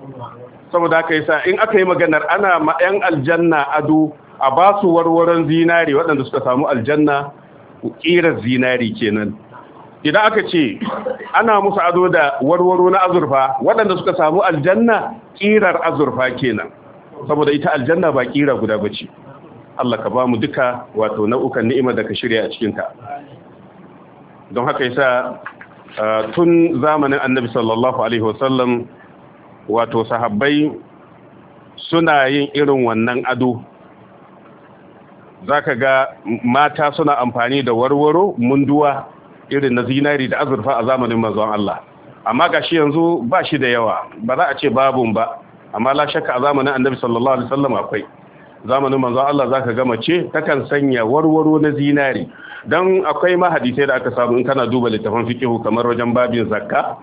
saboda haka yasa in aka yi maganar ana ma yan aljanna ado a basu warwaron zinare waɗanda suka samu aljanna ƙirar zinari kenan idan aka ce ana musu ado da warwaro na azurfa waɗanda suka samu aljanna ƙirar azurfa kenan saboda ita aljanna ba ƙira guda bace Allah ka ba mu duka wato nau'ukan ni'imar da ka shirya a cikinta don haka yasa tun zamanin annabi sallallahu alaihi wasallam wato sahabbai suna yin irin wannan ado zaka ga mata suna amfani da warwaro munduwa irin na zinari da azurfa a zamanin manzon Allah amma gashi yanzu ba shi da yawa ba za a ce babun ba amma la shakka a zamanin annabi sallallahu alaihi wasallam akwai zamanin manzon Allah zaka ga mace takan sanya warwaro na zinari dan akwai mahadisai da aka samu in kana duba littafin fiqh kamar wajen babin zakka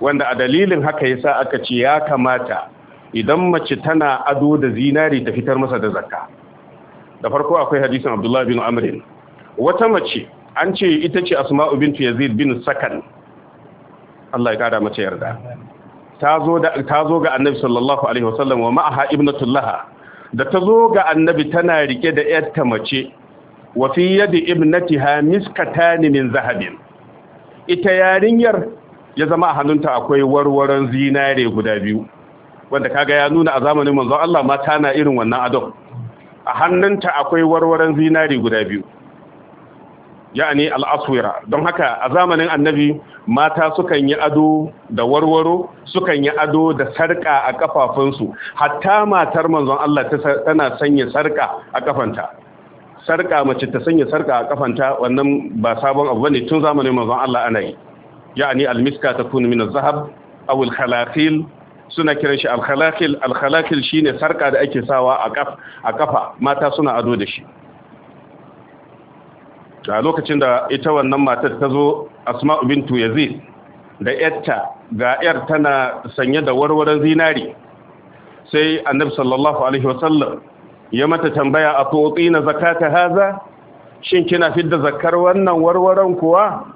wanda a dalilin haka yasa aka ce ya kamata idan mace tana ado da zinari ta fitar masa da zakka da farko akwai hadisin Abdullah bin Amr wata mace an ce ita ce asma'u bintu yazid bin sakan Allah ya kara mace yarda ta zo ga annabi sallallahu alaihi wasallam wa ma'aha ibnatullah da ta zo ga annabi tana rike da yarta mace wa fi yadi ibnatiha miskatani min zahabin ita yarinyar ya zama a hannunta akwai warwaran zinare guda biyu wanda kaga ya nuna a zamanin manzon Allah mata na irin wannan adon a hannunta akwai warwaron zinare guda biyu ya'ani al'aswira don haka a zamanin annabi mata sukan yi ado da warwaro sukan yi ado da sarka a kafafunsu hatta matar manzon Allah tana sanya sarka a kafanta sarka mace ta sanya sarka a kafanta wannan ba sabon abu bane tun zamanin manzon Allah ana yi ya'ani almiska takunu min az-zahab aw al suna kiran shi al-khalafil al shine sarka da ake sawa a kafa mata suna ado da shi a lokacin da ita wannan matar ta zo asma'u bintu yazid da yarta ga yar tana sanye da warwaran zinari sai annabi sallallahu alaihi wasallam ya mata tambaya a tuwatsi na zakata haza shin kina fidda zakar wannan warwaran kuwa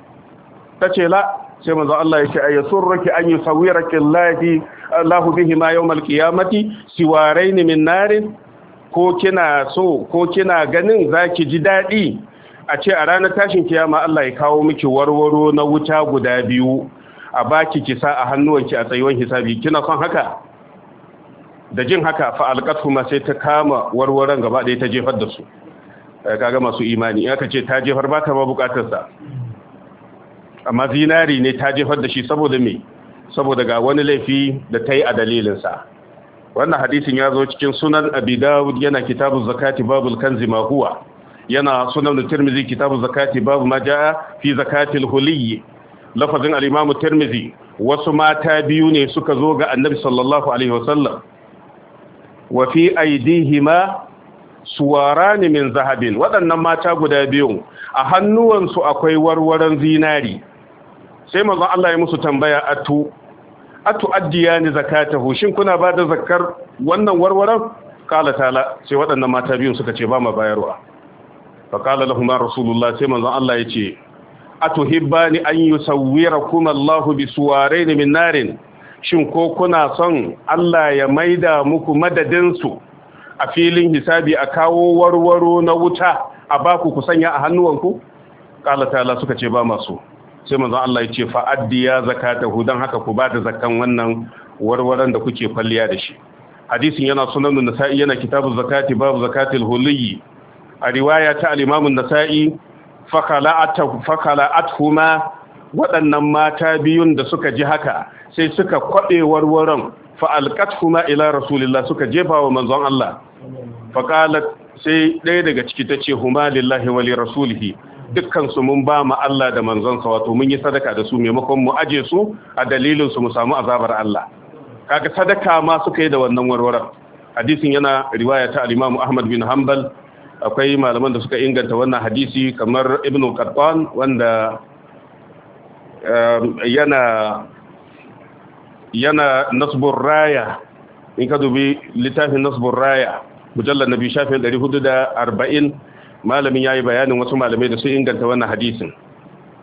Tace ce la sai manzo Allah ya ce ay surraki an yusawwiraki Allahi Allahu bihi ma yawmal qiyamati siwarain min narin ko kina so ko kina ganin zaki ji dadi a ce a ranar tashin kiyama Allah ya kawo miki warwaro na wuta guda biyu a baki kisa a hannuwanki a tsayuwan hisabi kina son haka da jin haka fa ma sai ta kama warwaran gaba ɗaya ta jefar da su eh, kaga masu imani in aka ce ta jefar ba ta ba bukatar sa amma zinari ne ta jefar da shi saboda me saboda ga wani laifi da ta yi a dalilin sa wannan hadisin ya zo cikin sunan abi dawud yana kitabuz zakati babul kanzi ma huwa yana sunan tirmizi kitabu zakati babu ma jaa fi zakatil huliyyi lafazin al-imam tirmizi wasu mata biyu ne suka zo ga annabi sallallahu alaihi wasallam wa fi aydihima suwaran min zahabin waɗannan mata guda biyu a hannuwansu akwai warwaran zinari sai manzo Allah ya musu tambaya atu atu addiya zakatahu shin kuna ba da zakar wannan warwaran kala tala sai waɗannan mata biyun suka ce ba ma bayarwa faƙala lahu ma rasulullah sai manzon Allah ya ce atuhibbani an yusawwirakum Allahu bi suwarain min narin shin ko kuna son Allah ya maida muku madadin su a filin hisabi a kawo warwaro na wuta a baku ku sanya a hannuwanku ƙala ta'ala suka ce ba masu sai manzon Allah ya ce fa'addiya zakatahu dan haka ku ba da zakkan wannan warwaran da kuke kwalliya da shi hadisin yana sunan nasa'i yana kitabu zakati babu zakatil huliyyi a riwaya ta alimamun nasa'i fakala'at huma waɗannan mata biyun da suka ji haka sai suka kwaɗe warwaron fa'alƙat huma ila rasulillah suka jefa wa manzon Allah faƙalat sai ɗaya daga ciki ta ce huma lillahi wali rasulihi dukkansu mun ba mu Allah da manzonsa wato mun yi sadaka da su maimakon mu aje su a dalilinsu mu samu azabar Allah kaga sadaka ma suka yi da wannan warwaran hadisin yana riwaya ta Ahmad bin Hanbal akwai malaman da suka inganta wannan hadisi kamar ibn qattan wanda um, yana yana nasbur raya in ka dubi littafin nasbur raya mujallar nabi shafin 440 malamin yayi bayanin wasu malamai da su inganta wannan hadisin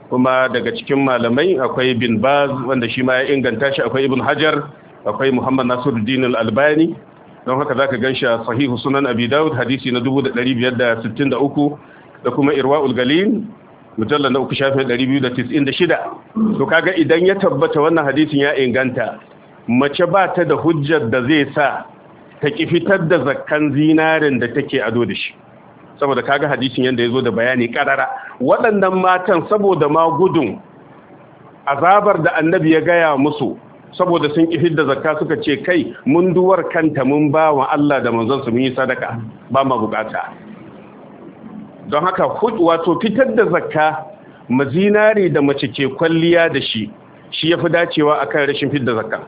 kuma daga cikin malamai akwai bin baz wanda shi ma ya inganta shi akwai ibn hajar akwai muhammad nasiruddin al-albani don haka za ka ganshi a sahihu sunan abi daud hadisi na 1563 da kuma irwa ulgalin mutalla na uku shafin 296 to kaga idan ya tabbata wannan hadisin ya inganta mace ba ta da hujjar da zai sa ta ki fitar da zakkan zinarin da take ado da shi saboda kaga hadisin yanda zo da bayani karara waɗannan matan saboda ma azabar da annabi ya gaya musu saboda sun ki hidda zakka suka ce kai mun duwar kanta mun ba wa Allah da su mun yi sadaka ba ma bukata don haka Hud, wato fitar da zakka mazinari da mace ke kwalliya da shi shi yafi dacewa a kan rashin fidda zakka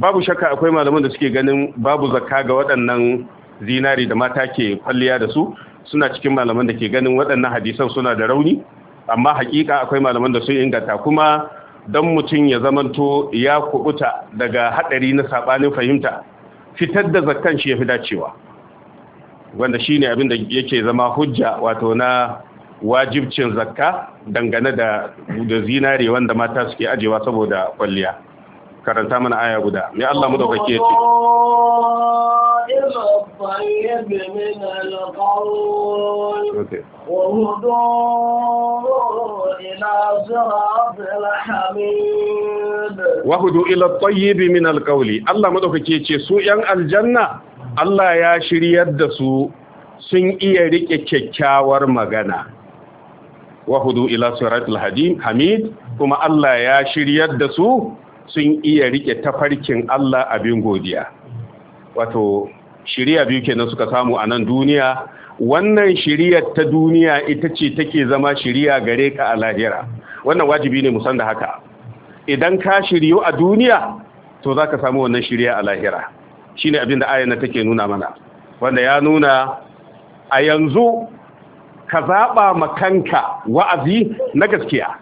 babu shakka akwai malaman da suke ganin babu zakka ga waɗannan zinari da mata ke kwalliya da su suna cikin malaman da ke ganin waɗannan hadisan suna da rauni amma hakika akwai malaman da sun inganta kuma don mutum ya zamanto ya kubuta daga hadari na sabanin fahimta fitar da zakkan shi ya fi dacewa wanda shine abin da yake zama hujja wato na wajibcin zakka dangane da da zinare wanda mata suke ajewa saboda kwalliya karanta mana aya guda mai Allah mu ke ce إلى الطيب من القول وهدوا إلى صراط ce su ‘yan aljanna, Allah ya shiryar da su sun iya riƙe kyakkyawar magana wahudu ila siratul hamid kuma Allah ya shiryar da su sun iya riƙe tafarkin Allah abin godiya wato shirya biyu kenan suka samu a nan duniya wannan shirya ta duniya ita ce take zama shiriya gare ka a lahira wannan wajibi ne musan da haka idan ka shiryo a duniya to za ka samu wannan shiriya a lahira shi ne abin da ayyana take nuna mana wanda ya nuna a yanzu ka zaɓa makanka wa'azi na gaskiya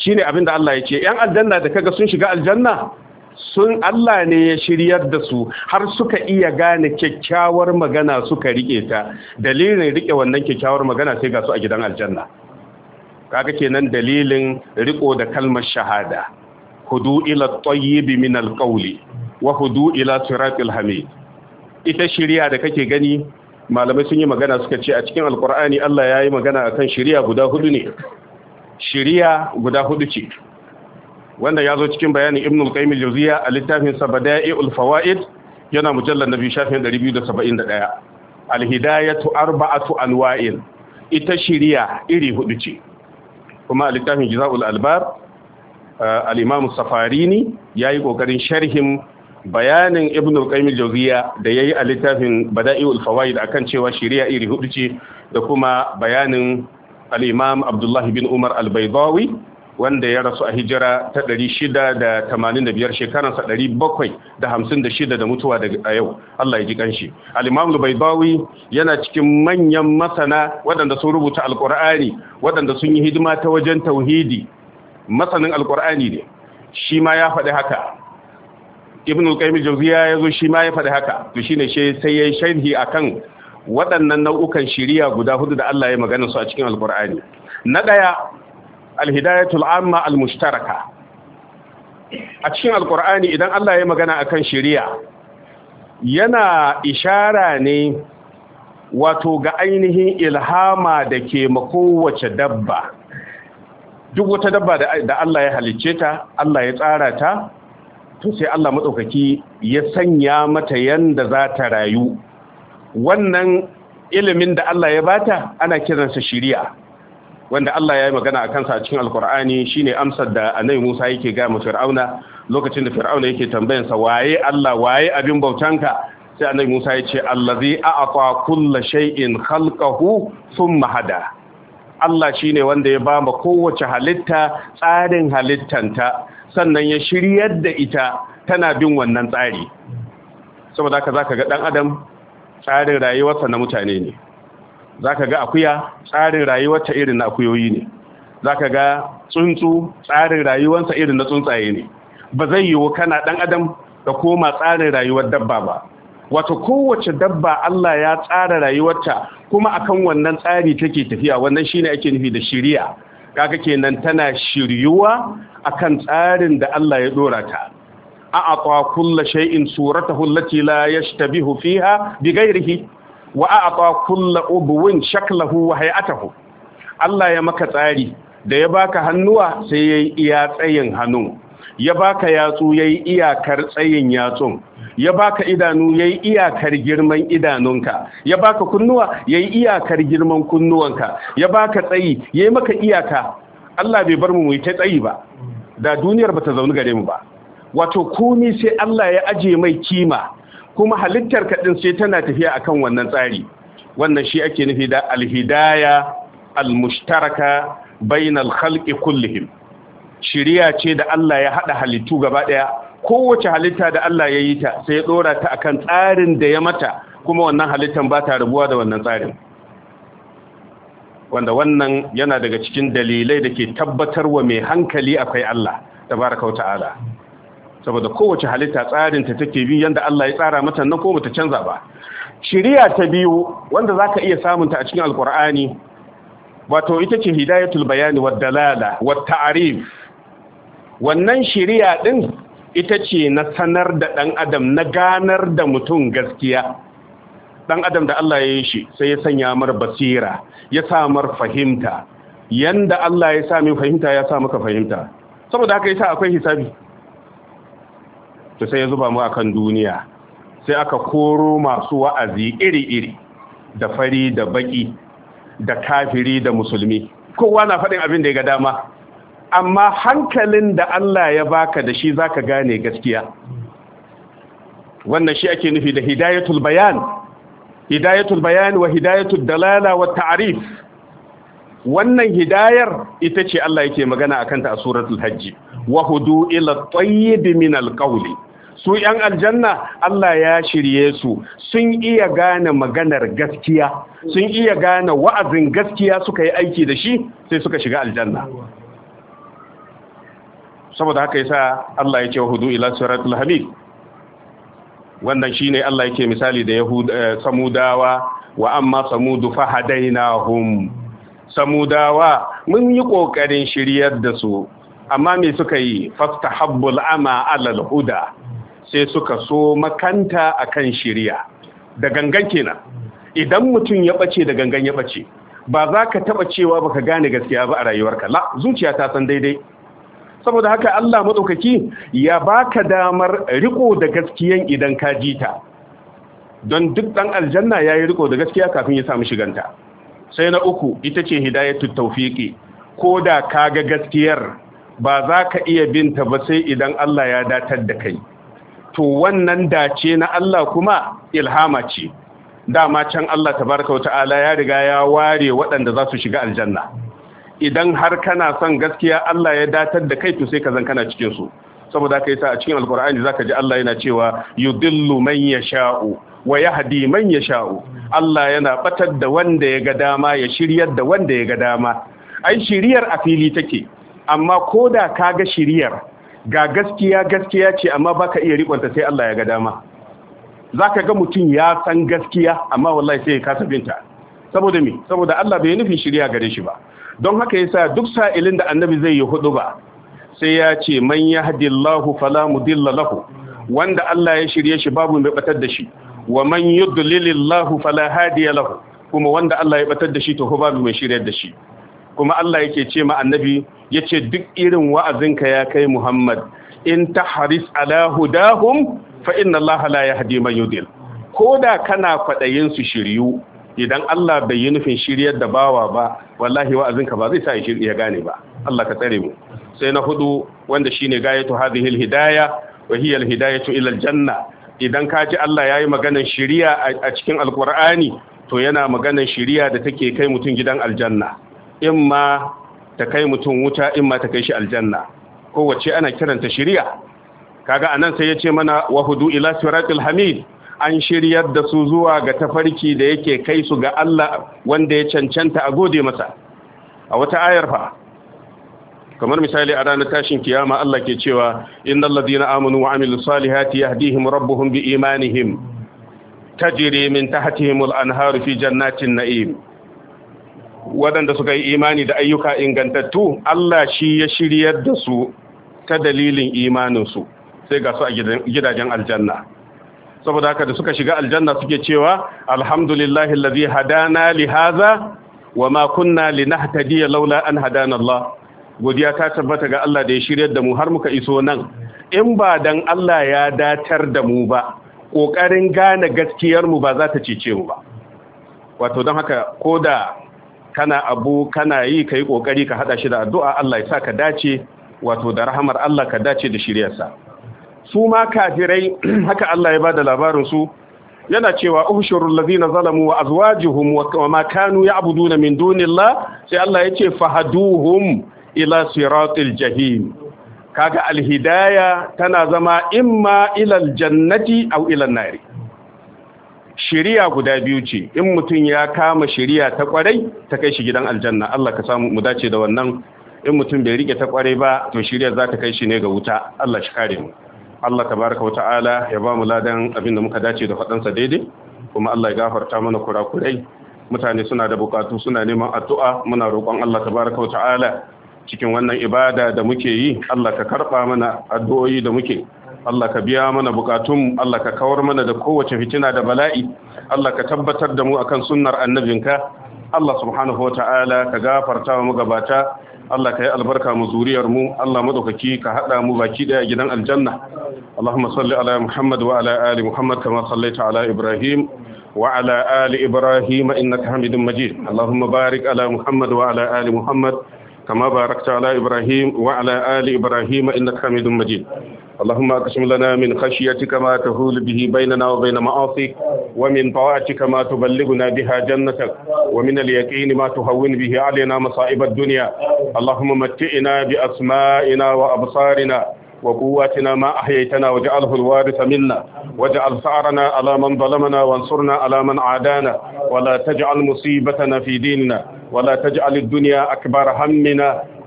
shi ne abin da Allah ya ce ‘yan aljanna da kaga sun shiga aljanna sun Allah ne ya shiryar da su har suka iya gane kyakkyawar magana suka rike ta dalilin rike wannan kyakkyawar magana sai ga su a gidan aljanna kaga kenan dalilin riƙo da kalmar shahada hudu ila tayyib min alqawli wa hudu ila siratil hamid ita shiriya da kake gani malamai sun yi magana suka ce a cikin alkur'ani Allah ya yi magana akan shiriya guda hudu ne shiriya guda hudu ce wanda ya zo cikin bayanin ibn al-qayyim al-jawziya a littafin sa bada'i'ul fawaid yana mujallal nabi shafin 271 al-hidayatu arba'atu anwa'in ita shiriya iri hudu ce kuma a littafin jiza'ul albab eh, al-imam safarini yayi kokarin sharhin bayanin ibn al-qayyim al-jawziya da yayi a littafin bada'i'ul fawaid akan cewa shiriya iri hudu ce da kuma bayanin al-imam abdullahi bin umar al-baydawi wanda ya rasu a hijira ta 685 shekaransa 756 da mutuwa a yau Allah ya ji kanshi al-Imam yana cikin manyan masana waɗanda sun rubuta alkur'ani waɗanda sun yi hidima ta wajen tauhidi masanin alkur'ani ne shi ma ya faɗi haka Ibn al-Qayyim Jawziya zo shi ma ya faɗi haka to shine sai yayi sharhi akan waɗannan nau'ukan shiriya guda hudu da Allah ya magana su a cikin alkur'ani na ɗaya alhidayatul amma almustaraka a cikin alkur'ani idan Allah ya magana a kan shari'a yana ishara ne wato ga ainihin ilhama da ke makowace dabba duk wata dabba da Allah ya halicce ta Allah ya tsara ta to sai Allah matsaukaki ya sanya mata yanda za ta rayu wannan ilimin da Allah ya bata ana kiransa shari'a wanda Allah ya yi magana a kansa a cikin alkur'ani shine amsar da annabi Musa yake ga mu Fir'auna lokacin da Fir'auna yake tambayan sa waye Allah waye abin bautanka sai annabi Musa ya ce allazi a'ata kulla shay'in khalqahu thumma hada Allah shine wanda ya ba ma kowace halitta tsarin halittanta sannan ya shiryar da ita tana bin wannan tsari saboda haka zaka ga dan adam tsarin rayuwarsa na mutane ne zaka ga akuya tsarin rayuwarta irin na akuyoyi ne zaka ga tsuntsu tsarin rayuwarsa irin na tsuntsaye ne ba zai yiwu kana dan adam da koma tsarin rayuwar dabba ba wato kowace dabba Allah ya tsara rayuwarta kuma akan wannan tsari take tafiya wannan shine ake nufi da shiriya kaga kenan tana shiryuwa akan tsarin da Allah ya dora ta a aqwa kullu shay'in suratuhu allati la yashtabihu fiha bighayrihi wa ba kulla ubuwin shaklahu wa hay'atahu Allah ya maka tsari da ya baka hannuwa sai yayi iya tsayin hannu ya baka yatsu yayi iyakar tsayin yatsun ya baka idanu yayi iyakar girman idanunka ya baka kunnuwa yayi iyakar girman kunnuwanka ya baka tsayi yayi maka iyaka Allah bai bar mu mu ta tsayi ba da duniyar bata zauni gare mu ba wato komi sai Allah ya aje mai kima kuma halittar kaɗin sai tana tafiya a kan wannan tsari wannan shi ake nufi da alhidaya almushtaraka bainal khalqi kullihim shiriya ce da Allah ya haɗa halittu gaba daya kowace halitta da Allah ya yi ta sai ya dora ta akan tsarin da ya mata kuma wannan halittar ba ta rabuwa da wannan tsarin wanda wannan yana daga cikin dalilai da ke tabbatarwa mai hankali akwai Allah tabaraka wa ta'ala saboda kowace halitta tsarin ta take bi yanda Allah ya tsara mata nan ko bata canza ba shiriya ta biyu wanda zaka iya samun ta a cikin alqur'ani wato ita ce hidayatul bayani wad dalala wat ta'rif wannan shiriya din ita ce na sanar da dan adam na ganar da mutum gaskiya dan adam da Allah ya yi shi sai ya sanya mar basira ya sa mar fahimta yanda Allah ya sa min fahimta ya sa maka fahimta saboda haka yasa akwai hisabi to sai ya zuba mu akan duniya sai aka koro masu wa'azi iri-iri da fari da baki da kafiri da musulmi kowa na faɗin abin da ya ga dama amma hankalin da Allah ya baka da shi zaka gane gaskiya wannan shi ake nufi da hidayatul bayan hidayatul bayan wa hidayatul dalala wa ta'rif wannan hidayar ita ce Allah yake magana akanta kanta a suratul hajji wa hudu ila tayyib min alqawli su yan aljanna Allah ya shirye su sun iya gane maganar gaskiya sun iya gane wa'azin gaskiya suka yi aiki da shi sai suka shiga aljanna saboda haka yasa Allah ya ce wa hudu ila siratul hamid wannan shine Allah yake misali da yahud eh, samudawa wa amma samudu hadainahum samudawa mun yi kokarin shiryar da su amma me suka yi fasta fastahabbul ama alal huda sai suka so makanta akan shiriya da gangan kenan idan mutum ya bace da gangan ya bace ba za ka taba cewa baka gane gaskiya ba a rayuwarka la zuciya ta san daidai saboda haka Allah madaukaki ya baka damar riko da gaskiyan idan ka ji ta don duk dan aljanna yayi riko da gaskiya kafin ya samu shiganta sai na uku ita ce hidayatut tawfiqi ko da kaga gaskiyar ba za ka iya binta ba sai idan Allah ya datar da kai to wannan dace na Allah kuma ilhama ce dama can Allah ta baraka wata'ala ya riga ya ware waɗanda za su shiga aljanna idan har kana son gaskiya Allah ya datar da kai to sai ka zan kana cikinsu. su saboda yi sa a cikin alkur'ani ka ji Allah yana cewa yudillu man sha'u wa hadi man ya yasha'u Allah yana batar da wanda ya ga dama ya shiryar da wanda ya ga dama ai shiryar a fili take amma ko da ka ga shiriyar ga gaskiya gaskiya ce amma baka iya rikonta sai Allah ya ga dama zaka ga mutum ya san gaskiya amma wallahi sai ya kasa binta saboda me saboda Allah bai nufin shiriya gare shi ba don haka yasa duk sa'ilin da annabi zai yi hudu ba sai ya ce man yahdillahu fala mudilla lahu wanda Allah ya shirye shi babu mai batar da shi wa man yudlilillahu fala hadiya lahu kuma wanda Allah ya batar da shi to babu mai shiryar da shi kuma Allah yake ce ma annabi yace duk irin wa'azinka ya kai Muhammad in ta Haris ala hudahum fa inna Allah la yahdi man yudil koda kana kwadayin su shiryu idan Allah bai yi nufin shiryar da bawa ba wallahi wa'azinka ba zai sa ya gane ba Allah ka tsare mu sai na hudu wanda shine gayatu hadhihi alhidayah wa hiya alhidayatu ila aljanna idan ka ji Allah yayi maganar shiriya a cikin alqur'ani to yana maganar shiriya da take kai mutum gidan aljanna in ma ta kai mutum wuta in ma ta kai shi aljanna kowace ana kiranta shari'a kaga anan sai ya ce mana wahudu ila siratil hamid an shiryar da su zuwa ga tafarki da yake kai su ga Allah wanda ya cancanta a gode masa a wata ayar fa kamar misali a ranar tashin kiyama Allah ke cewa innal ladina amanu wa amilus salihati yahdihim rabbuhum bi imanihim tajri min tahtihim al anharu fi jannatin na'im waɗanda suka yi imani da ayyuka ingantattu Allah shi ya shiryar da su ta dalilin imaninsu sai ga su a gidajen aljanna saboda haka da suka shiga aljanna suke cewa alhamdulillahi allazi hadana li hadha wa ma kunna linahtadiya laula an hadana Allah godiya ta tabbata ga Allah da ya shiryar da mu har muka iso nan in ba dan Allah ya datar da mu ba kokarin gane gaskiyar mu ba za ta cece mu ba wato don haka ko da kana abu kana yi ka yi ƙoƙari ka haɗa shi da addu'a Allah ya sa ka dace wato da rahamar Allah ka dace da shiryarsa su ma kafirai haka Allah ya ba da labarin su yana cewa ushurul ladina zalamu wa azwajuhum wa ma kanu ya'buduna min dunillah sai Allah ya ce fahaduhum ila siratil jahim kaga alhidaya tana zama imma ila aljannati aw ila nari shiriya guda biyu ce in mutum ya kama shiriya ta kwarai ta kai shi gidan aljanna Allah ka samu mu dace da wannan in mutum bai rike ta kwarai ba to shiriya za ta kai shi ne ga wuta Allah shi kare mu Allah tabaraka wata'ala ya ba mu ladan abin da muka dace da faɗansa daidai kuma Allah ya gafarta mana kurakurai mutane suna da bukatu suna neman addu'a muna roƙon Allah tabaraka wata'ala cikin wannan ibada da muke yi Allah ka karɓa mana addu'o'i da muke Allah ka biya mana bukatun Allah ka kawar mana da kowace fitina da bala'i Allah ka tabbatar da mu akan sunnar annabinka Allah subhanahu wata'ala ka gafarta mu gabata Allah ka yi albarka mu zuriyar mu Allah madaukaki ka hada mu baki daya gidan aljanna Allahumma salli ala Muhammad wa ala ali Muhammad kama sallaita ala Ibrahim وعلى آل إبراهيم إنك Allahumma barik اللهم Muhammad على محمد وعلى آل محمد كما باركت على إبراهيم وعلى آل إبراهيم إنك حميد مجيد اللهم اقسم لنا من خشيتك ما تهول به بيننا وبين معاصيك ومن طاعتك ما تبلغنا بها جنتك ومن اليقين ما تهون به علينا مصائب الدنيا اللهم متئنا بأسمائنا وأبصارنا وقواتنا ما أحييتنا وجعله الوارث منا وجعل ثأرنا على من ظلمنا وانصرنا على من عادانا ولا تجعل مصيبتنا في ديننا ولا تجعل الدنيا أكبر همنا